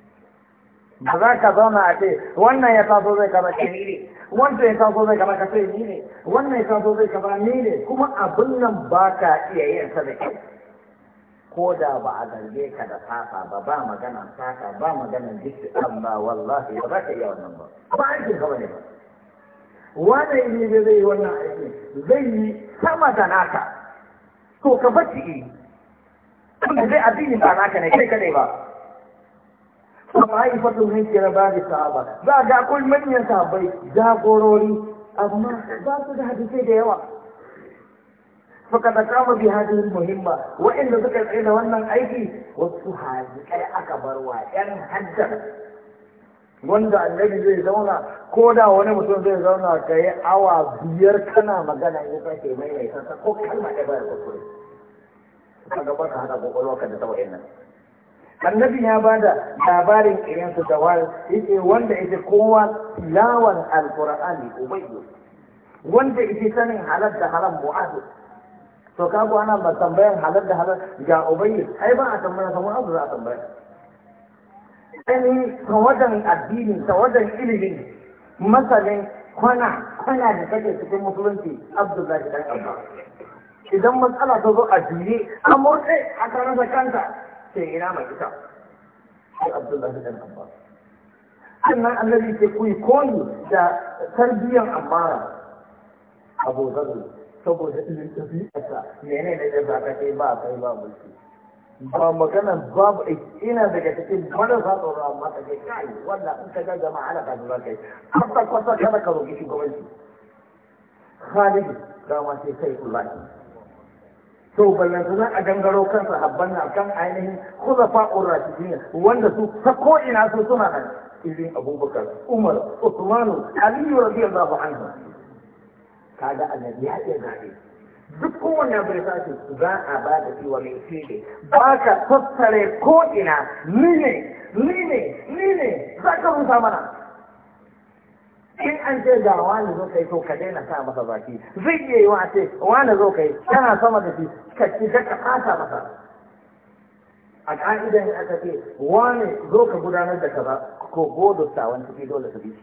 ba za ka zauna a ce wannan ya taso zai kama ke ni ne wannan ya taso zai kama ka ce ni ne wannan ya taso zai kama ni ne kuma abin nan ba ka iya yin sa da ke ko da ba a zarge ka da sata ba ba magana sata ba magana jiki amma wallahi ba za ka iya wannan ba ba aikin ka ne ba wannan ne zai yi wannan aiki. zai yi sama da naka to ka bacci yi wanda zai addini ba naka ne kai kadai ba ta'ifatul hankira ba da sahaba za ga akwai manyan sahabbai jagorori amma ba su da hadisai da yawa فقد قام بهذه المهمة وإن ذكر إلى وانا أيدي aka bar wa وأن حجر wanda annabi zai zauna ko da wani mutum zai zauna ka yi awa biyar kana magana ya sake mai mai sassa, ko kalma ɗaya bayar kwakwai ka gaba ka haɗa kwakwalwa ka da tawayen nan annabi ya ba da labarin irinsu da yake wanda ita kowa tilawan alkur'ani ubayyu wanda ita sanin halar da haram mu'adu to ka ku ana ba tambayan halar da halar ga ubayyu ai ba a tambaya kamar abu za a tambaya ainihin tawadan addini tawadan ilimin masanin kwana kwana da kake cikin musulunci abdullahi dan abba idan matsala ta zo a juye a motsi a tare da kanta ce ina mai ita sai abdullahi dan abbas sannan annabi ce ku koyi da tarbiyyar amara abu zarri saboda irin ɗabi'arsa mene ne da zaka kai ba kai ba mulki ba magana babu ina daga cikin marasa tsoro amma ta kai kai wanda in ka ga jama'a ana kafin ba kai har ta kwasa kada ka roƙi shugabanci khalid dama sai sai kullaki to ballantana a gangaro kan sahabban na kan ainihin khulafa ur-rashidin wanda su ta ko ina su suna nan irin abubakar umar usman ali radiyallahu anhu kaga annabi ya iya zabe duk kowane abu sace za a ba da cewa mai fide ba ka tattare ko ina ni ne ni ne za ka rusa mana in an ce ga wani zo kai to ka daina sa masa baki zai iya yi wa ce wani zo kai tana sama da shi ka ci ka kasa masa a ka'idan aka ce wani zo ka gudanar da kaza ko godo sa wani ciki dole su bi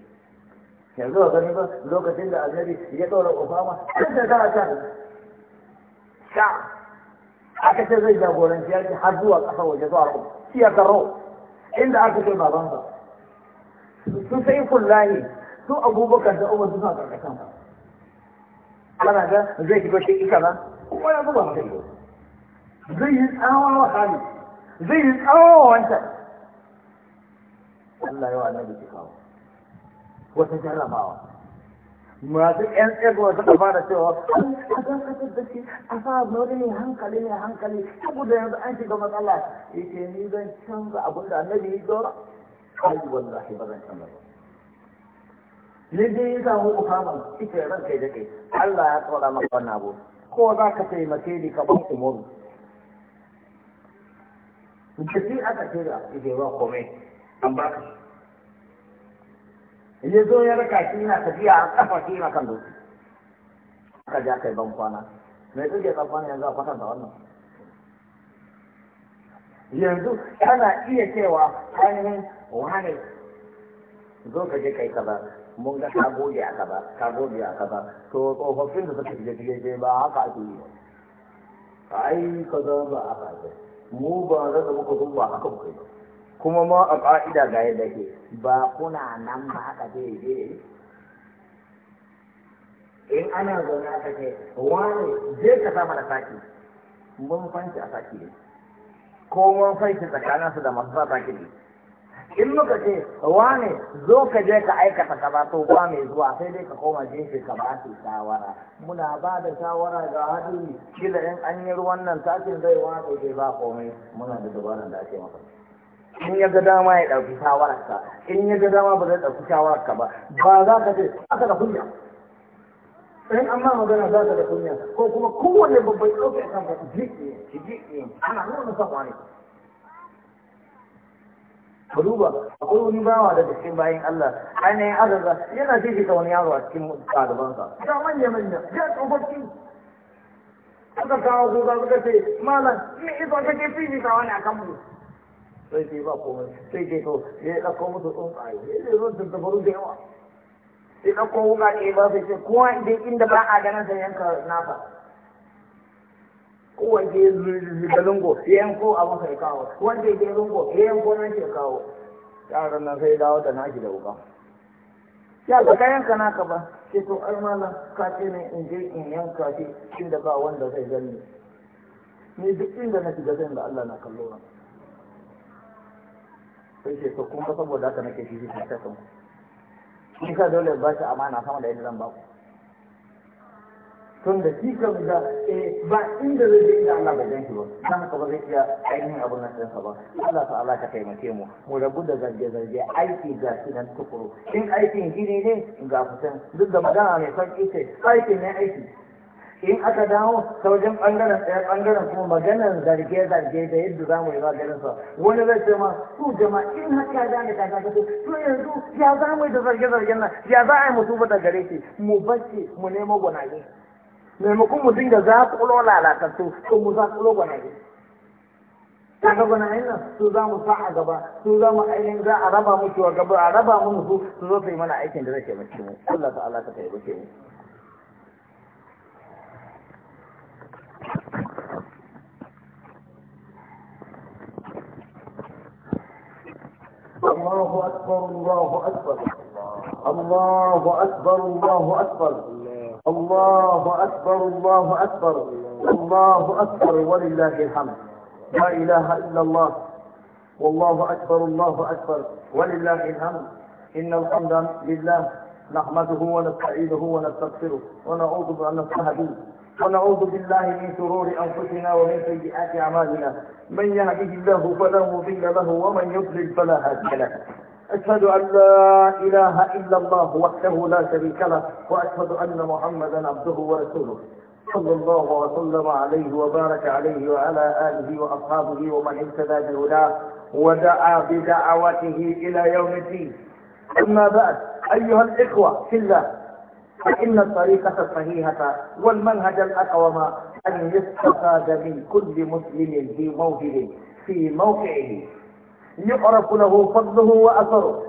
yanzu a gani ba lokacin da annabi ya ɗora obama sai da za a sha sha aka ce zai jagoranci yaki har zuwa ƙasa waje zuwa ku siyar da inda aka ce babansa su sai kullahi su abubakar da umar suna karkashin sa ana ga zai shiga shi ika na kuma ya zuba masa ido zai yi tsawa wa hali zai yi tsawa wa wancan Allah ya wa da ki kawo wata jarrabawa masu ƴan tsego suka fara cewa an dakatar da shi a sa nori ne hankali ne hankali saboda yanzu an shiga matsala yake ni zan canza abin da annabi ya dora ai wallahi ba zan canza ba ne dai ya samu Usama ita ran kai da kai Allah ya tsora maka wannan abu ko za ka taimake ni ka ban umaru da shi aka da ije ba kome an baka ya zo ya raka shi yana tafiya a kafa shi na kan doki aka ja kai ban kwana mai tsaye ya kwana yanzu a da wannan yanzu ana iya cewa ainihin wani zo ka je kai kaza mun ga ka goge a kaza ka goge a kaza to tsofaffin da suka fiye fiye ba haka ake yi ai zama ba haka ake mu ba za ka muka zo ba haka muka yi kuma ma a ka'ida ga yadda ke ba kuna nan ba haka yi je in ana zaune aka ce wani je ka sa mana saki mun fanci a saki ne ko mun fanci su da masu sa saki ne in muka ce wane zo ka je ka aikata kaza to ba mai zuwa sai dai ka koma gefe ka ba shi shawara muna ba da shawara ga hadiri kila in an yi ruwan nan tashin zai wato zai ba komai muna da dabaran da ake maka in ya ga dama ya ɗauki shawararka in ya ga dama ba zai ɗauki shawararka ba ba za ka ce aka da kunya in ma magana za ka da kunya ko kuma kowane babban ɗauke kan ba ji ji ana nuna son wani ka duba akwai wani bawa da cikin bayan Allah ainihin azarza yana ta wani yaro a cikin ɗalibansa ya manya manya ya tsofaffi suka kawo kuka suka ce malam me iso kake fifita wani a kan mu sai ce ba komai sai ce to ya ɗauko musu tsuntsaye ya ce zo tattabaru da yawa sai ɗauko wuka ɗaya ba sai ce kowa idan inda ba a ganin sa yanka nasa ko wanda da zuga lungo ya yanko a masa ya kawo wanda ya je lungo ya yanko nan ke kawo yaran nan sai dawo da naki da wuka ya ga ka yanka naka ba sai to ai malam ka ce ne in je in yanka shi inda ba wanda zai gani ni duk inda na shiga zan da Allah na kallo ran sai ce to kun ba saboda haka nake shi shi ta kan Ni ka dole ba shi amana sama da yadda zan ba ku tun da shi kan da eh, ba inda zai je inda Allah bai gan ba dan haka ba zai iya ainihin abun nan ɗinsa ba Allah ta Allah ka taimake mu mu rabu da zarge-zarge aiki ga shi nan tukuru in aikin gini ne ga kusan duk da magana mai sauƙi ce aikin ne aiki in aka dawo saujin bangaren ɓangaren ɗaya kuma maganar zarge-zarge da yadda za mu yi maganin sa wani zai ce ma su jama'a in har ya gane ka kaga to yanzu ya za mu yi da zarge-zargen nan ya za a yi mutu da gare shi mu bace mu nemo gwanaye maimakon mu dinga zaƙulo lalatattu to mu za zaƙulo gwanaye kaga gwanayen nan su za mu sa a gaba su za mu ainihin za a raba mu a gaba a raba mu su su zo su yi mana aikin da zai mace mu Allah ta Allah ta taimake mu الله أكبر الله أكبر الله أكبر الله أكبر الله أكبر الله أكبر الله أكبر ولله الحمد لا إله إلا الله والله أكبر الله أكبر ولله الحمد إن الحمد لله نحمده ونستعينه ونستغفره ونعوذ بأن نستهديه ونعوذ بالله من شرور أنفسنا ومن سيئات أعمالنا من يهده الله فلا مضل له ومن يضلل فلا هادي له أشهد أن لا إله إلا الله وحده لا شريك له وأشهد أن محمدا عبده ورسوله صلى الله وسلم عليه وبارك عليه وعلى آله وأصحابه ومن اهتدى بهداه ودعا بدعوته إلى يوم الدين أما بعد أيها الإخوة في الله فإن الطريقة الصحيحة والمنهج الأقوم أن يستفاد من كل مسلم في موهبه في موقعه يعرف له فضله وأثره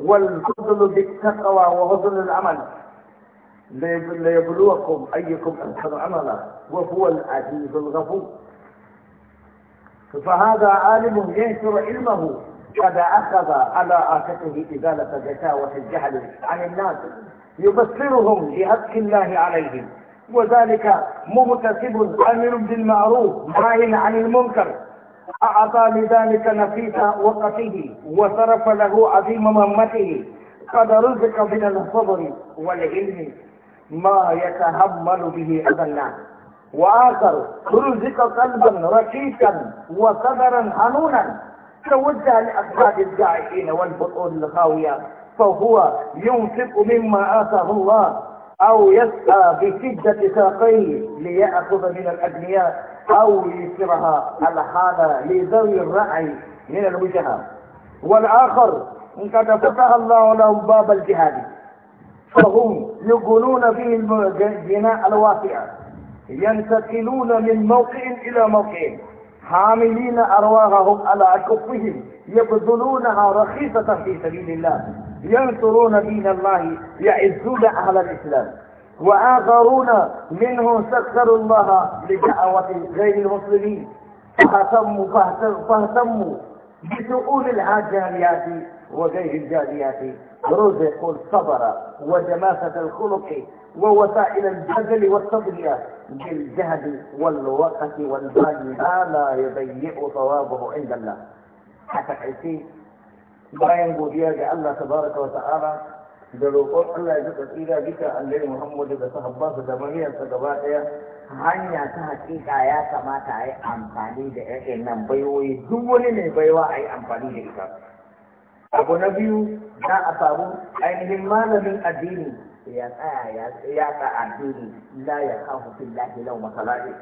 والفضل بالتقوى وفضل العمل ليبلوكم أيكم أحسن عملا وهو العزيز الغفور فهذا عالم ينشر علمه قد أخذ على آفته إزالة زكاوه الجهل عن الناس يبصرهم بحق الله عليهم وذلك مغتسب أمر بالمعروف نهي عن المنكر أعطى لذلك نفيسا وقته وصرف له عظيم مهمته قد رزق من الصبر والعلم ما يتهمل به أبا الناس وآخر رزق قلبا رشيقا وصدرا حنونا توجه لأسباب الجائعين والبطون الخاوية فهو ينفق مما آتاه الله أو يسعى بشدة ساقيه ليأخذ من الأغنياء أو يسرها الحالة لذوي الرعي من الوجهة والآخر إن كان فتح الله لهم باب الجهاد فهم يقولون فيه الجناء الواسعة ينتقلون من موقع إلى موقع حاملين أرواحهم على أكفهم يبذلونها رخيصة في سبيل الله ينصرون دين الله يعزون أهل الإسلام وآخرون منهم سكروا الله لدعوة غير المسلمين فاهتموا فاهتموا بشؤون العجاليات وغير الجاليات رزقوا الصبر وجماسة الخلق ووسائل الجزل والصبر بالجهد والوقت والبال ما لا يضيع ثوابه عند الله حتى حيثين bayan godiya ga Allah tabaraka wa ta'ala da roƙon Allah ya ji tsira duka annabi Muhammad da sahabbansa da mariyarsa gaba ɗaya hanya ta hakika ya kamata a yi amfani da irin nan baiwoyi duk wani mai baiwa a yi amfani da ita abu na biyu za a samu ainihin malamin addini ya tsaya ya tsaya addini la ya kafu fillahi lau masala'i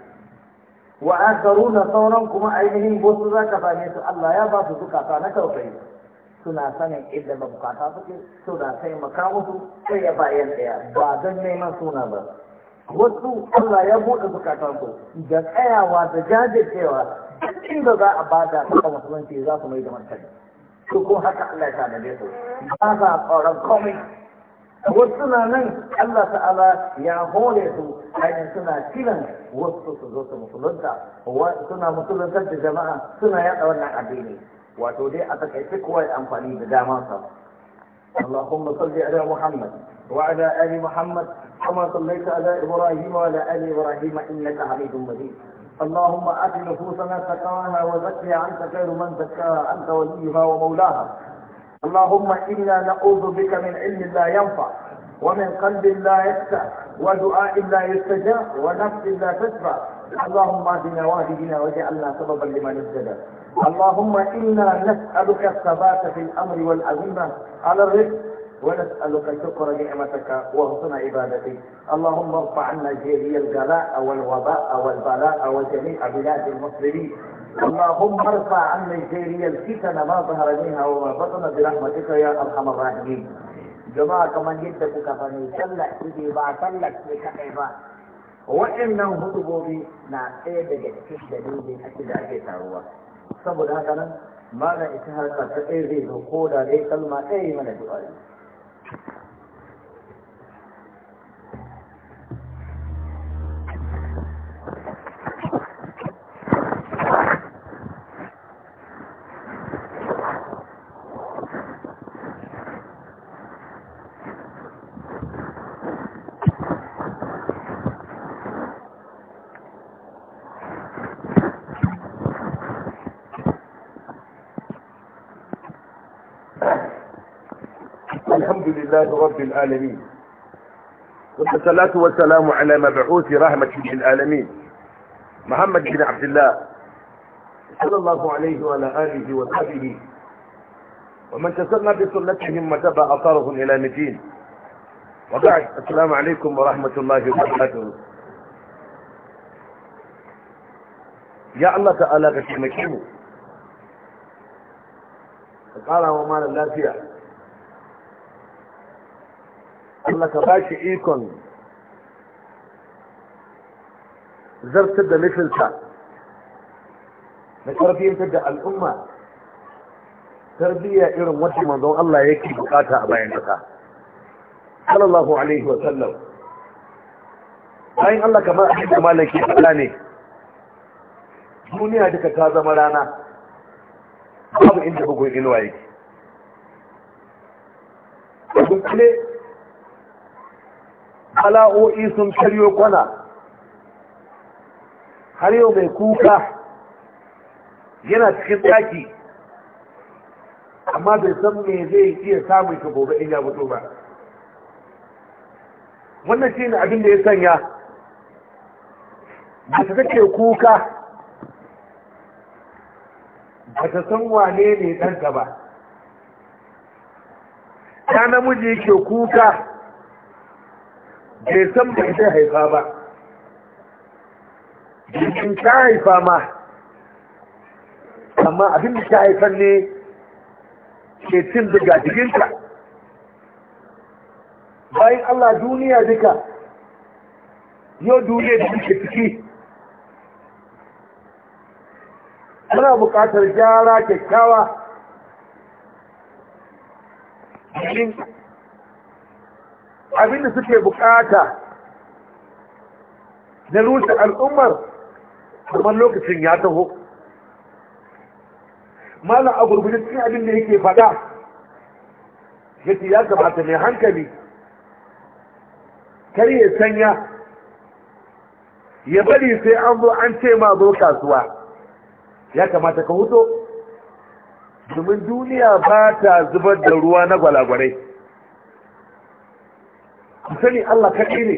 wa akaruna sauran kuma ainihin wasu za ka same su Allah ya ba su zukata na tausayi suna sanin inda mabukata suke suna taimaka su sai ya bayan ɗaya ba don neman suna ba wasu Allah ya buɗe ku. da tsayawa da jajircewa duk inda za a bada ta musulunci za su mai da martani su ko haka Allah ya tanade su ba za a tsoron komai wasu na nan Allah ta'ala ya hore su ainihin suna kiran wasu su zo su musulunta suna musulunta da jama'a suna yaɗa wannan addini wato dai a takaice kawai amfani da damansa اللهم صل على محمد وعلى آل محمد كما صليت على إبراهيم وعلى آل إبراهيم إنك حميد مجيد اللهم آت نفوسنا تقواها وزكها أنت خير من زكاها أنت وليها ومولاها اللهم إنا نعوذ بك من علم لا ينفع ومن قلب لا يخشع ودعاء لا يستجاب ونفس لا تشفع اللهم اهدنا واهدنا واجعلنا سببا لمن اهتدى اللهم إنا نسألك الثبات في الأمر والعزيمة على الرزق ونسألك شكر نعمتك وحسن عبادتك اللهم ارفع عنا جيري الجلاء والوباء والبلاء وجميع بلاد المسلمين اللهم ارفع عن نيجيريا الفتن ما ظهر منها وما بطن برحمتك يا ارحم الراحمين جماعة من يدك كفني سلك تجي با سلك لكحي با وإنه هدبوا بي نعم ايه بجد في الدليل أكيد أكيد saboda haka nan malam ita harka ta ɗaya zai zo ko da dai kalma ɗaya mana du'a لله رب العالمين والصلاة والسلام على مبعوث رحمة للعالمين محمد بن عبد الله صلى الله عليه وعلى آله وصحبه ومن تسنى بسنتهم وتبع أطارهم إلى مدين وبعد السلام عليكم ورحمة الله وبركاته يا الله تعالى ka فقال mu ka ƙara Allah ka ba shi ikon zartar da nufinsa da ƙarfiyantar da al'umma tarbiyya irin wata manzon Allah yake bukata a bayan ƙasa sallallahu alaihi wa sallam bayan Allah kamar a cikin malaki Allah ne duniya duka ta zama rana babu inda bugun inuwa yake bala'o'i sun karyo kwana har yau mai kuka yana cikin daki amma bai san me zai iya samun ka gobe in ya mutu ba wannan shi ne abin da ya sanya ta take kuka ba ta san wane ne ɗanta ba ta namiji ke kuka bai san bai zai haifa ba jikin ta haifa ma amma abin da ta haifar ne ke cin daga jikinta bayan Allah duniya duka yau duniya da muke ciki muna buƙatar gyara kyakkyawa jikinta abinda suke bukata na rushe al'ummar kamar lokacin ya taho mana a gurguje cikin abinda yake fada yake ya kamata mai hankali kar sanya ya bari sai an zo an ce ma zo kasuwa ya kamata ka huto domin duniya ba ta zubar da ruwa na gwalagwarai ku sani Allah kaɗai ne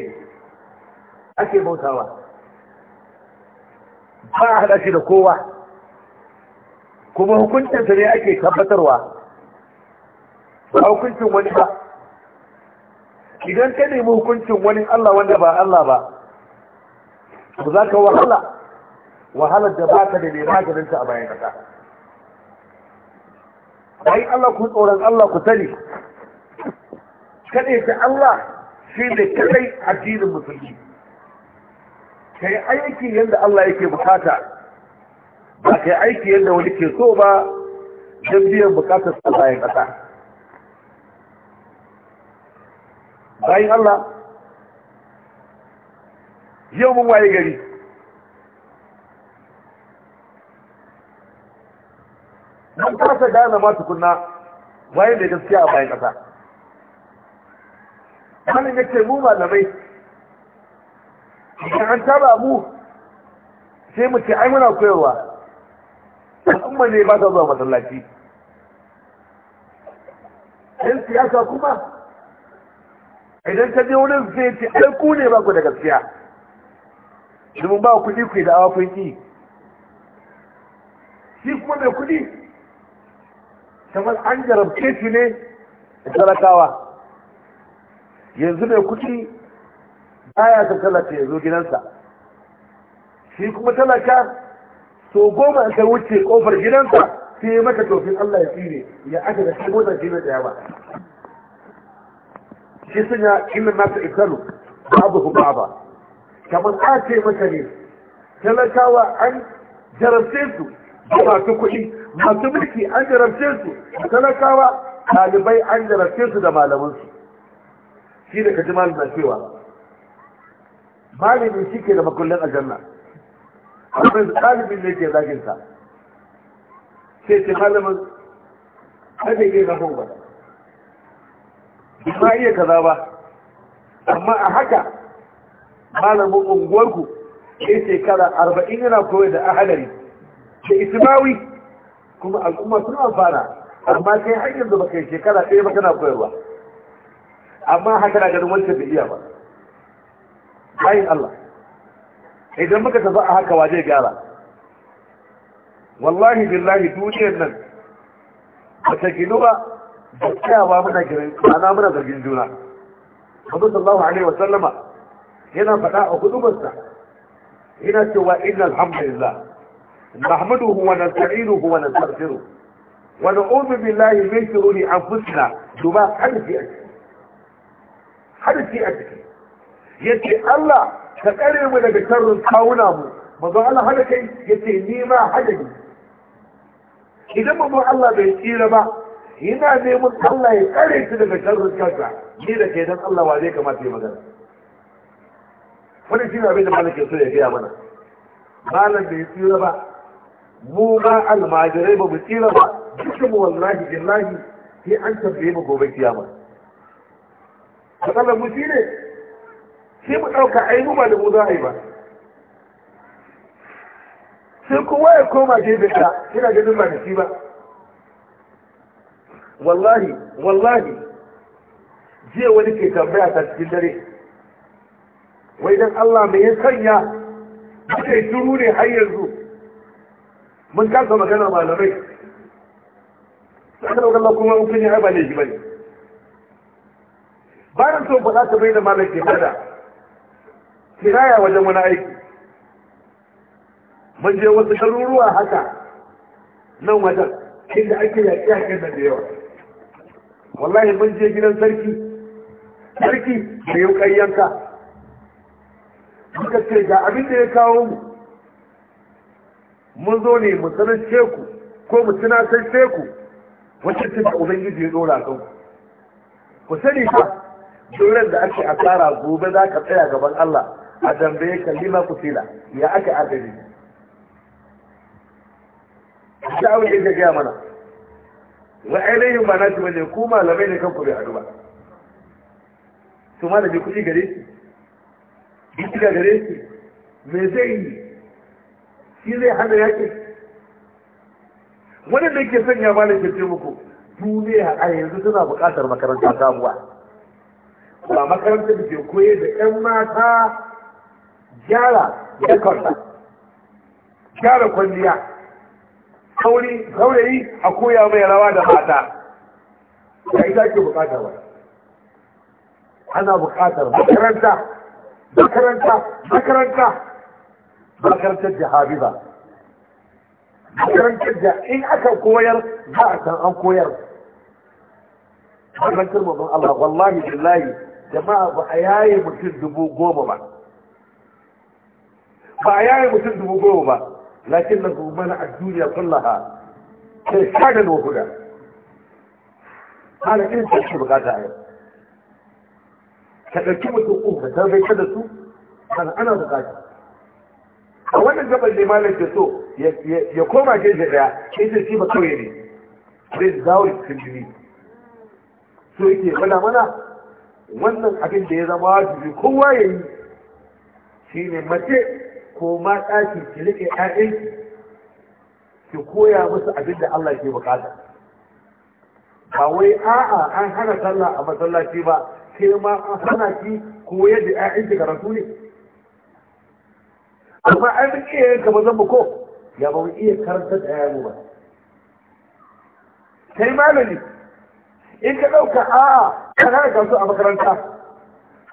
ake bautawa ba a haɗa shi da kowa kuma hukuncinsa ne ake tabbatarwa ba hukuncin wani ba idan ka nemi hukuncin wani Allah wanda ba Allah ba ba za ka wahala wahalar da ba ka da ne maganinta a bayan ƙasa bayan Allah ku tsoron Allah ku sani kaɗe ta Allah sai ne kadai addinin musulmi kai aiki yadda Allah yake bukata ba kai aiki yadda wani ke so ba don biyan bukatar sa bayan kasa bayan Allah yau mun waye gari mun kasa gane ma tukunna waye da gaskiya a bayan kasa ne yake mu malamai idan an taba mu sai mu ce ai muna koyarwa kuma ne ba ta zuwa masallaci yan siyasa kuma idan ka je wurin sai ce ai ku ne ba ku da gaskiya domin ba kuɗi ku da awa kun ki shi kuma mai kuɗi kamar an jarabce shi ne da talakawa yanzu mai kuɗi baya ta talaka ya zo gidansa shi kuma talaka so goma ta wuce kofar gidansa sai ya maka tofin Allah ya tsire ya aka da shi motsa shi da yawa shi sun ya inna nasa ikalu babu hu ba kamar a ce maka ne talakawa an jarabce su masu kuɗi masu mulki an jarabce su talakawa ɗalibai an jarabce su da malamansu shi da kaji malam na cewa malami shi ke da makullin aljanna amma yanzu ɗalibin ne ke zaginsa sai ce malamin kada na rafin ba ba iya kaza ba amma a haka malamin unguwarku ya shekara arba'in yana kowai da ahalari da isimawi kuma al'umma sun amfana amma sai hanyar da baka shekara ɗaya ba kana koyarwa amma haka na ganin wancan bai iya ba bayin Allah idan muka tafi a haka waje gyara wallahi billahi duniyar nan ba ta gino ba da tsayawa muna girin ana muna zargin juna Abu sallallahu alaihi wa sallama yana faɗa a hudubarsa yana cewa inna alhamdulillah nahmaduhu wa nasta'inuhu wa nastaghfiruh wa na'udhu billahi min shururi anfusina duba hadisi harfi a ciki yace Allah ka tsare mu daga sharrin kawuna mu manzon Allah hada kai yace ni ma hada ni idan manzon Allah bai tsira ba yana neman Allah ya tsare su daga sharrin kansa ni da kai dan Allah wa zai kamata ya magana wannan shi ne abin da malakin so ya gaya mana malam bai tsira ba mu ba almajirai ba mu tsira ba dukkan wallahi billahi sai an tambaye mu gobe kiyama matsalar mu shi mu ɗauka ainihin ba da mu za a yi ba sai kowa ya koma gefe ta yana ganin ba da shi ba wallahi wallahi jiya wani ke tambaya ta cikin dare wai dan Allah me ya sanya muka yi turu ne har yanzu mun kasa magana malamai sai da kuma mun fi yi haɓa ne shi bane bayan so ba za ta bai da malam ke bada kiraya wajen wani aiki mun je wasu garuruwa haka nan wajen inda ake yaƙi yaƙin da yawa wallahi mun je gidan sarki sarki da yau ƙayyanka muka ce ga abin da ya kawo mu mun zo ne mu sanar ku ko mu tunatar ku wacce ce da ubangiji ya dora kan ku sani fa duran da ake asara gobe za ka tsaya gaban Allah a dambe kalli lima kusila ya ake adadi shi abin da ya gaya mana wa ainihin ba na ne ku malamai ne kan ku bai haɗu ba su malami kuɗi gare biki ga gare su me zai yi shi zai hana yaƙi wani da ke sanya malamin ke muku duniya a yanzu suna buƙatar makarantar samuwa ba makarantar da ke koyar da 'yan mata gyara da kwanta gyara kwalliya saurayi a koya mai rawa da mata ya yi ake bukatar ba ana bukatar makaranta makaranta makaranta makarantar da habiba makarantar da in aka koyar za a san an koyar makarantar mamman Allah wallahi billahi jama'a ba a yaye mutum dubu goma ba ba a yaye mutum dubu goma ba lakin na mana a duniya kullaha sai shagan wa guda hana irin ta shi bukata a yau ka ɗauki mutum uku ka tarbaita da su hana ana bukata a wannan gabar ne malam ke so ya koma ke daya sai ce shi ba kauye ne zai dawo cikin jini so yake mana mana wannan abin da ya zama wajibi kowa ya yi shi ne mace ko ma ɗaki ki riƙe ƴaƴanki ki koya musu abin da Allah ke bukata ba wai a'a an hana sallah a masallaci ba sai ma an hana ki koyar da ki karatu ne amma an riƙe yanka ba ko ya ba mu iya karanta da ba sai malami in ka ɗauka a kana da gamsu a makaranta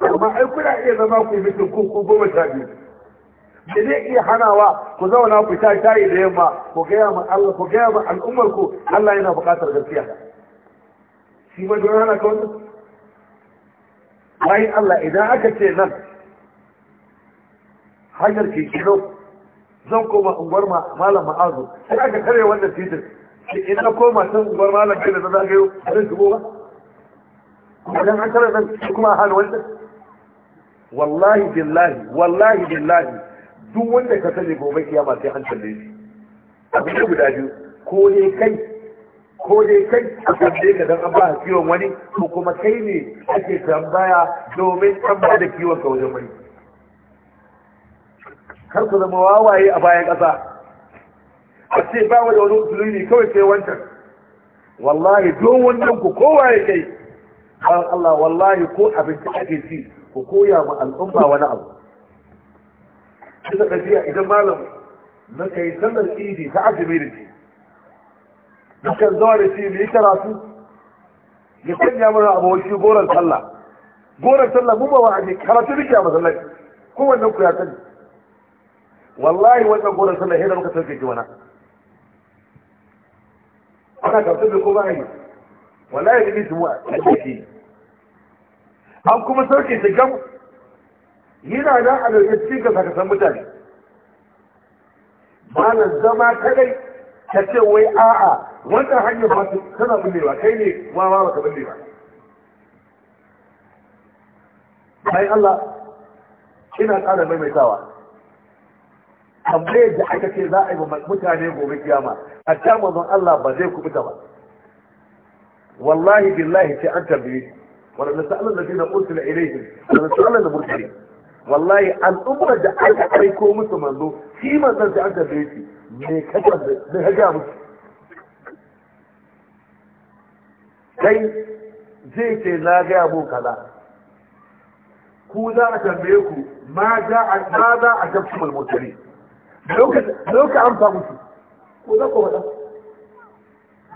amma ai kuna iya zama ku yi mutum ku ku goma sha biyu da zai iya hanawa ku zauna ku ta shayi da yamma ku gaya ma Allah ku gaya ma al'ummar ku Allah yana buƙatar gaskiya shi ma don hana ka Allah idan aka ce nan hanyar ke kino zan koma unguwar malam ma'azu sai aka kare wannan titin in na koma san ubar malam kai da na zagayo a zai shigo ba kuma dan an tara nan kuma a hana wannan wallahi billahi wallahi billahi duk wanda ka sani gobe kiyama sai an talle shi abin da guda biyu ko ne kai ko dai kai a tambaye ka dan an ba kiwon wani ko kuma kai ne ake tambaya domin an da kiwon ka wajen wani kar ku zama wawaye a bayan ƙasa a ce ba wa da wani musulmi kawai sai wancan wallahi don wannan ku kowa ya kai an Allah wallahi ko abinci ake ci ku koya ma al'umma wani abu da tafiya idan malam na kai sallar idi ta azumi da shi dukkan zuwa da shi mai karatu ya sanya mana abokin goron sallah goron sallah mu ba wa aje karatu duk ya masallaci kowannen ku ya sani wallahi wannan goron sallah yana muka sauke ji wani ana gamsar da ko ba yi wallahi da nisu mu a cikin an kuma sauke shi gam yana da a lokacin ka sakasan mutane ba na zama kadai ta ce wai a'a wannan hanyar ba su tana bullewa kai ne wawa ba ka bulle ba bayan Allah ina ƙara maimaitawa tambayar da aka ce za a yi mutane gobe kiyama hatta manzon Allah ba zai kubuta ba wallahi billahi sai an tambaye na nasalan ladina ursila ilayhim wala nasalan al-mursalin wallahi al'ummar da aka aiko musu manzo shi manzon sai an tambaye shi me kaga me kaga musu kai zai ce na ga mu kaza ku za a tambaye ku ma za a ma za lokacin amsa musu ko za ku faɗa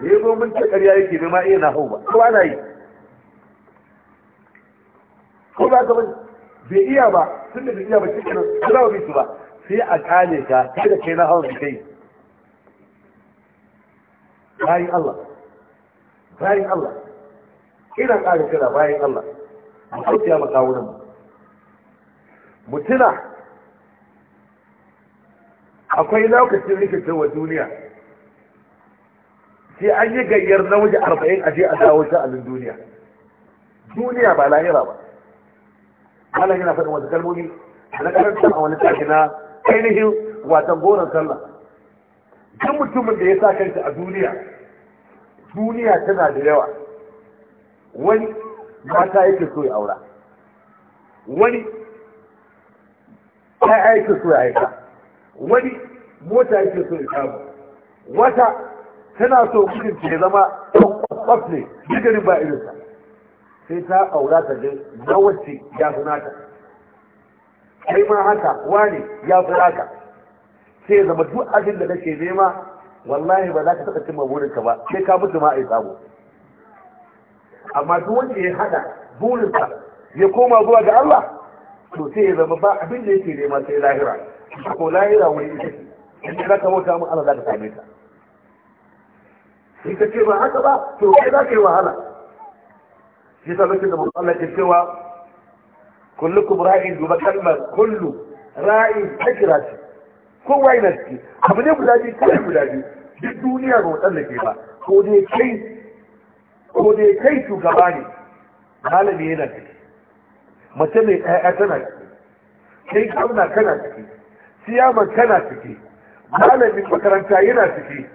da ya zo mun ce ƙarya yake bai ma iya na hau ba ko ana yi ko za ka bane bai iya ba tun da bai iya ba cikin kenan kula wa bisu ba sai a kane ka kai da kai na hau da kai bayan Allah bayan Allah ina ƙara kira bayan Allah mu kauce ma kawunan mu mutuna akwai lokacin rikicin wa duniya sai an yi gayyar namiji arba'in aje a dawo sha'anin duniya duniya ba lahira ba Allah yana faɗin wasu kalmomi a na karanta a wani tashi na ainihin watan goron sallah duk mutumin da ya sa kanta a duniya duniya tana da yawa wani mata yake so ya aura wani ya ke so ya aika wani mota yake so ya kama wata tana so gudun ke zama ɗan kwakwaf ne digarin ba irinsa sai ta aura ta ga na wacce ya fi nata kai ma haka wani ya fi naka sai zama duk abin da nake nema wallahi ba za ka taɓa cimma burinka ba sai ka mutu ma a yi samu amma duk wanda ya hada burinsa ya koma zuwa ga Allah to sai ya zama ba abin da yake nema sai lahira ko lahira wani ita ce inda za ka bauta mun Allah za ka same ta. in ka ce ba haka ba to kai za ka yi wahala shi yasa lokacin da mun Allah ke cewa kullukum ra'in duba kalmar kullu ra'in takira ce kowa na ciki abu ne guda biyu kai guda biyu duk duniya ba wadanda ke ba ko dai kai ko dai kai shugaba ne malami yana ciki mace mai ɗaya tana ciki kai gwamna kana ciki siyama kana ciki malamin makaranta yana ciki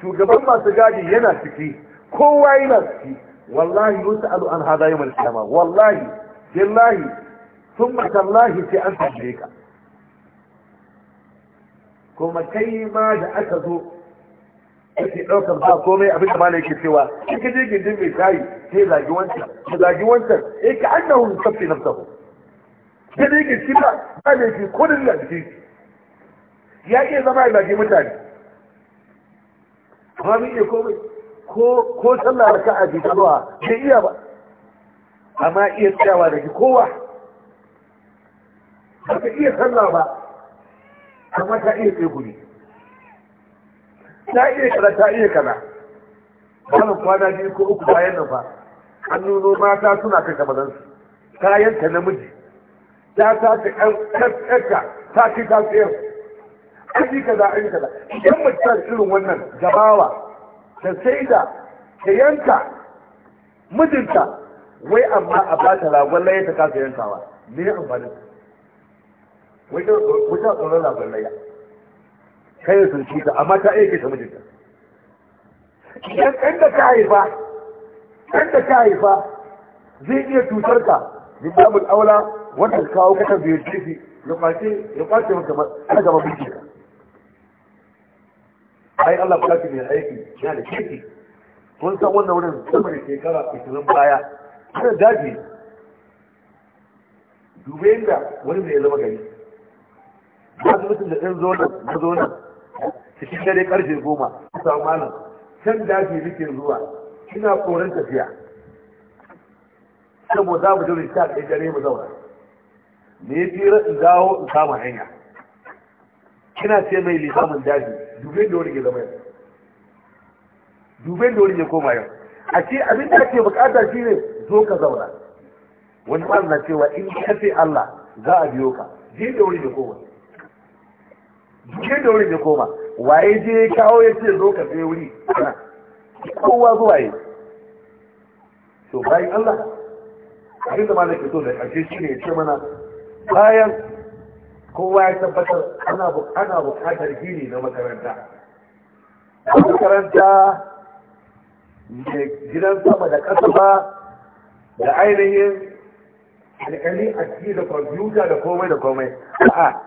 shugaban masu gadi yana ciki kowa yana ciki wallahi wasu alu an hada yawmal kiyama wallahi billahi thumma tallahi sai an tambaye ka kuma kai ma da aka zo ake ɗaukar ba komai abin da malai ke cewa in ka je gindin mai tayi sai zagi wancan ka zagi wancan eh ka annahu yusaffi nafsahu sai dai ke shi ba malai ke kodin da jiki ya iya zama ya zage mutane amma mu iya komai ko sallah da ka'a ji zuwa bai iya ba amma iya tsayawa da kowa ba ka iya sallah ba amma ta iya tsaye guri ta iya kaza ta iya kaza kwanan kwana biyu ko uku bayan nan ba an nuno mata suna kan kamalansu kayan ta namiji ta ta ta ta ta ta ta ta an yi kaza an yi kaza idan mutum irin wannan gabawa da sai da ta yanka mijinta wai amma a ba ta ragon laye ta kasa yankawa me amfanin wata tsoron ragon laye kai ya sun ta amma ta aike ta mijinta idan ɗan da ka haifa ɗan da ka haifa zai iya cutar ka min babul aula wanda kawo kakan biyar jefi ya kwace ya kwace maka gaba bincika ai Allah ba shi mai aiki yana da kirki Mun san wannan wurin sama da shekara 20 baya ana daji dube inda wani mai zama gari ba su mutum da ɗan zonan na zonan cikin dare ƙarfe goma su samu malam can daji nake zuwa ina koren tafiya Sai mu za mu jirin sha ɗaya dare mu zauna me ya fi rasu dawo in kama hanya kina ce mai mun daji dubai da wani ya zama yau dubai da wani ya koma yau a ce abin da ake bukata shi ne zo ka zauna wani ba na cewa in ka ce Allah za a biyo ka je da wani ya koma je da wani ya koma waye je ya kawo ya ce zo ka sai wuri kowa zuwa yi to bayan Allah abin da ma zai so da ƙarshe shi ne ya ce mana bayan kowa ya tabbatar ana buƙatar gini na makaranta makaranta da gidan sama da ƙasa ba da ainihin alƙalin aski da kwamfuta da komai da komai a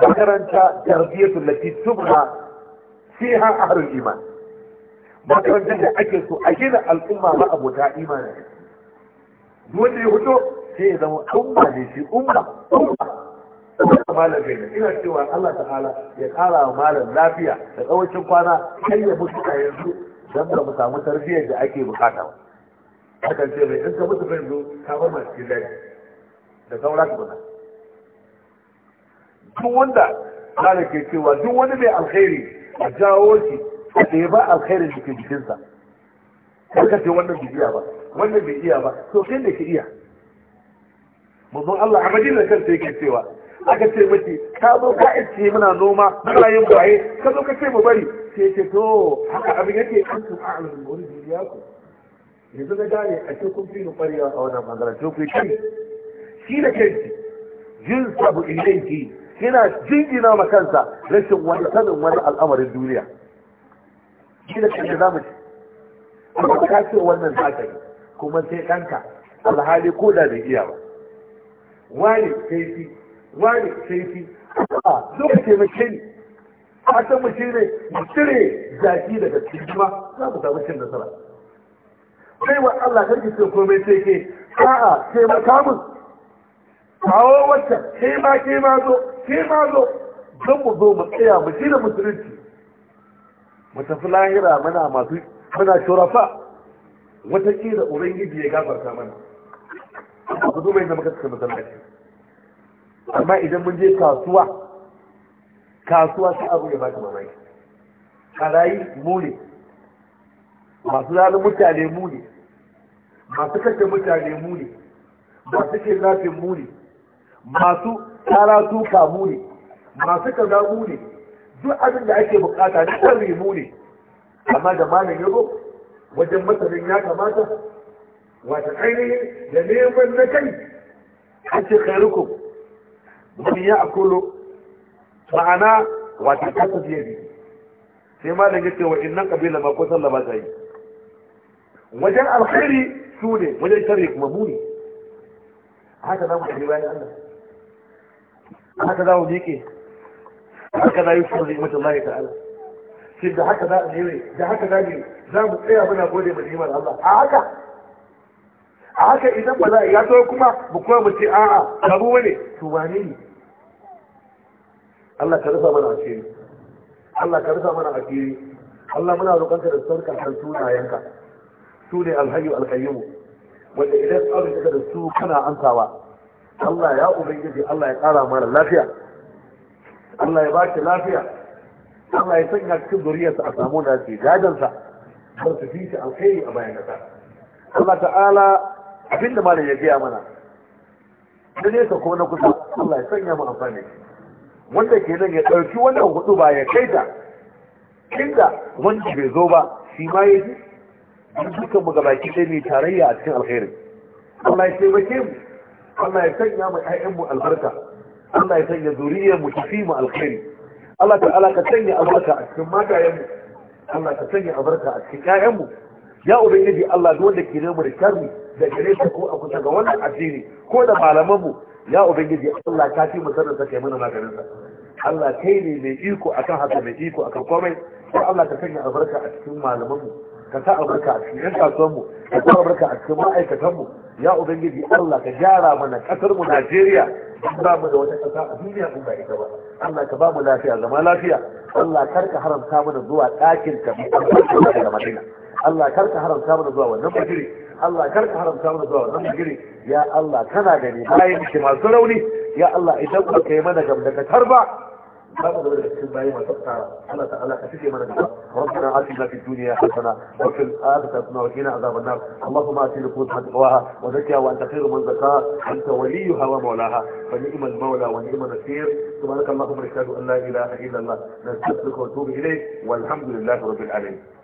makaranta tarbiyyatul lati tubra fiha ahlul iman makarantar da ake so a gina al'umma ma abota imanin duk wanda ya fito sai ya zama umma ne shi umma umma malam bai ina cewa Allah ta'ala ya kara wa malam lafiya da tsawancin kwana kai ya mutu a yanzu don ba mu samu tarbiyyar da ake bukata ba hakan ce mai in ka mutu bai zo ka bar masu cikin daji da saura ka bana duk wanda malam ke cewa duk wani mai alkhairi a jawo shi a ɗeba alheri da ke jikinsa ka ce wannan bai iya ba wannan bai iya ba to kai da ke iya Mazan Allah a madina kan sai yake cewa aka ce mace ka zo ka ce muna noma muna yin baye ka zo ka ce mu bari ce ce to haka abin yake an tun a'alamin wani duniya ku yanzu na gane a ce kun fi ni a wannan magana to ku kai shi da kanki jin sabu ilayki jin jingina ma kansa rashin wani sanin wani al'amarin duniya shi da kanki za mu ci amma ka ce wannan za ka yi kuma sai kanka. alhali ko da bai iya ba wani sai wani sai zo ka taimake ni a san mu ne cire jaki daga cikin kuma za mu samu cin nasara sai wa Allah karki ce komai sai ke a'a taimaka kamun kawo wacce sai ma ke ma zo ke ma zo don mu zo mu tsaya mu da musulunci mu tafi lahira muna masu muna shurafa wataƙila ubangiji ya gafarta mana ku zo mai zama kasa masallaci amma idan mun je kasuwa kasuwa shi abu ya bata mamaki karayi mu ne masu zalin mutane mu ne masu kashe mutane mu ne masu ke zafin mu ne masu tara tuka mu ne masu kaza mu ne duk abin da ake bukata na kan mu ne amma da malam yago wajen masanin ya kamata wata ainihin da neman na kai ake khairukum wani ya akulu ma'ana wata kasa fiye ne sai ma yake cewa innan kabila ma ko sallama ta yi wajen alkhairi su ne wajen shari kuma muni haka za mu tafi bayan Allah haka za mu miƙe haka za yi kuma zai mutum lahi ta'ala shi da haka za a nere da haka za ne za mu tsaya muna gode mu nimar Allah a haka a haka idan ba za a yi ya zo kuma mu kuma mu ce a'a abu wane to wane ne Allah ka rufa mana asiri Allah ka rufa mana asiri Allah muna roƙonka da sauƙar har sunayenka su ne alhayyu alqayyum wanda idan tsarin da su kana ansawa. Allah ya ubangiji Allah ya ƙara mana lafiya Allah ya baki lafiya Allah ya sanya cikin zuriyarsa a samu da ke gadansa har su fi shi alkhairi a bayan kasa Allah ta'ala abinda malam ya gaya mana da nesa ko na kusa Allah ya sanya mu amfani wanda ke nan ya ɗauki wannan hudu ba ya kai ta inda wanda bai zo ba shi ma ya ji dukkan mu gabaki ɗaya ne tarayya a cikin alheri Allah ya taimake mu Allah ya sanya mu ƴaƴan mu albarka Allah ya sanya zuriyar mu tafi mu alheri Allah ta'ala ka sanya albarka a cikin matayen mu Allah ka sanya albarka a cikin ƴaƴan mu ya ubangiji Allah duk wanda ke nan mu da sharri da gare ta ko a kusa ga wannan addini ko da malaman mu ya ubangiji Allah ka fi mu sanin sa kai mana maganin sa Allah kai ne mai iko akan haka mai iko akan komai sai Allah ka sanya albarka a cikin malamanmu ka sa albarka a cikin kasuwan mu ka sa albarka a cikin ma'aikatanmu. mu ya ubangiji Allah ka gyara mana kasar mu Najeriya ba mu da wata kasa a duniya in ba ita ba Allah ka ba mu lafiya zama lafiya Allah kar ka haramta mana zuwa ɗakin ka mu albarka da Madina Allah kar ka haramta mana zuwa wannan bajire Allah kar ka haramta mana zuwa wannan bajire ya Allah kana gani bayan ki masu rauni ya Allah idan ba ka yi mana gamdakatar ba هذا هو الاستنباعي والتقطع الله تعالى كثير من الناس ربنا آتنا في الدنيا حسنة وفي الآخرة حسنة وقنا عذاب النار اللهم آت نفوسها تقواها وزكها وأنت خير من زكاها أنت وليها ومولاها فنعم المولى ونعم النصير سبحانك اللهم نشهد أن لا إله إلا الله نستغفرك ونتوب إليك والحمد لله رب العالمين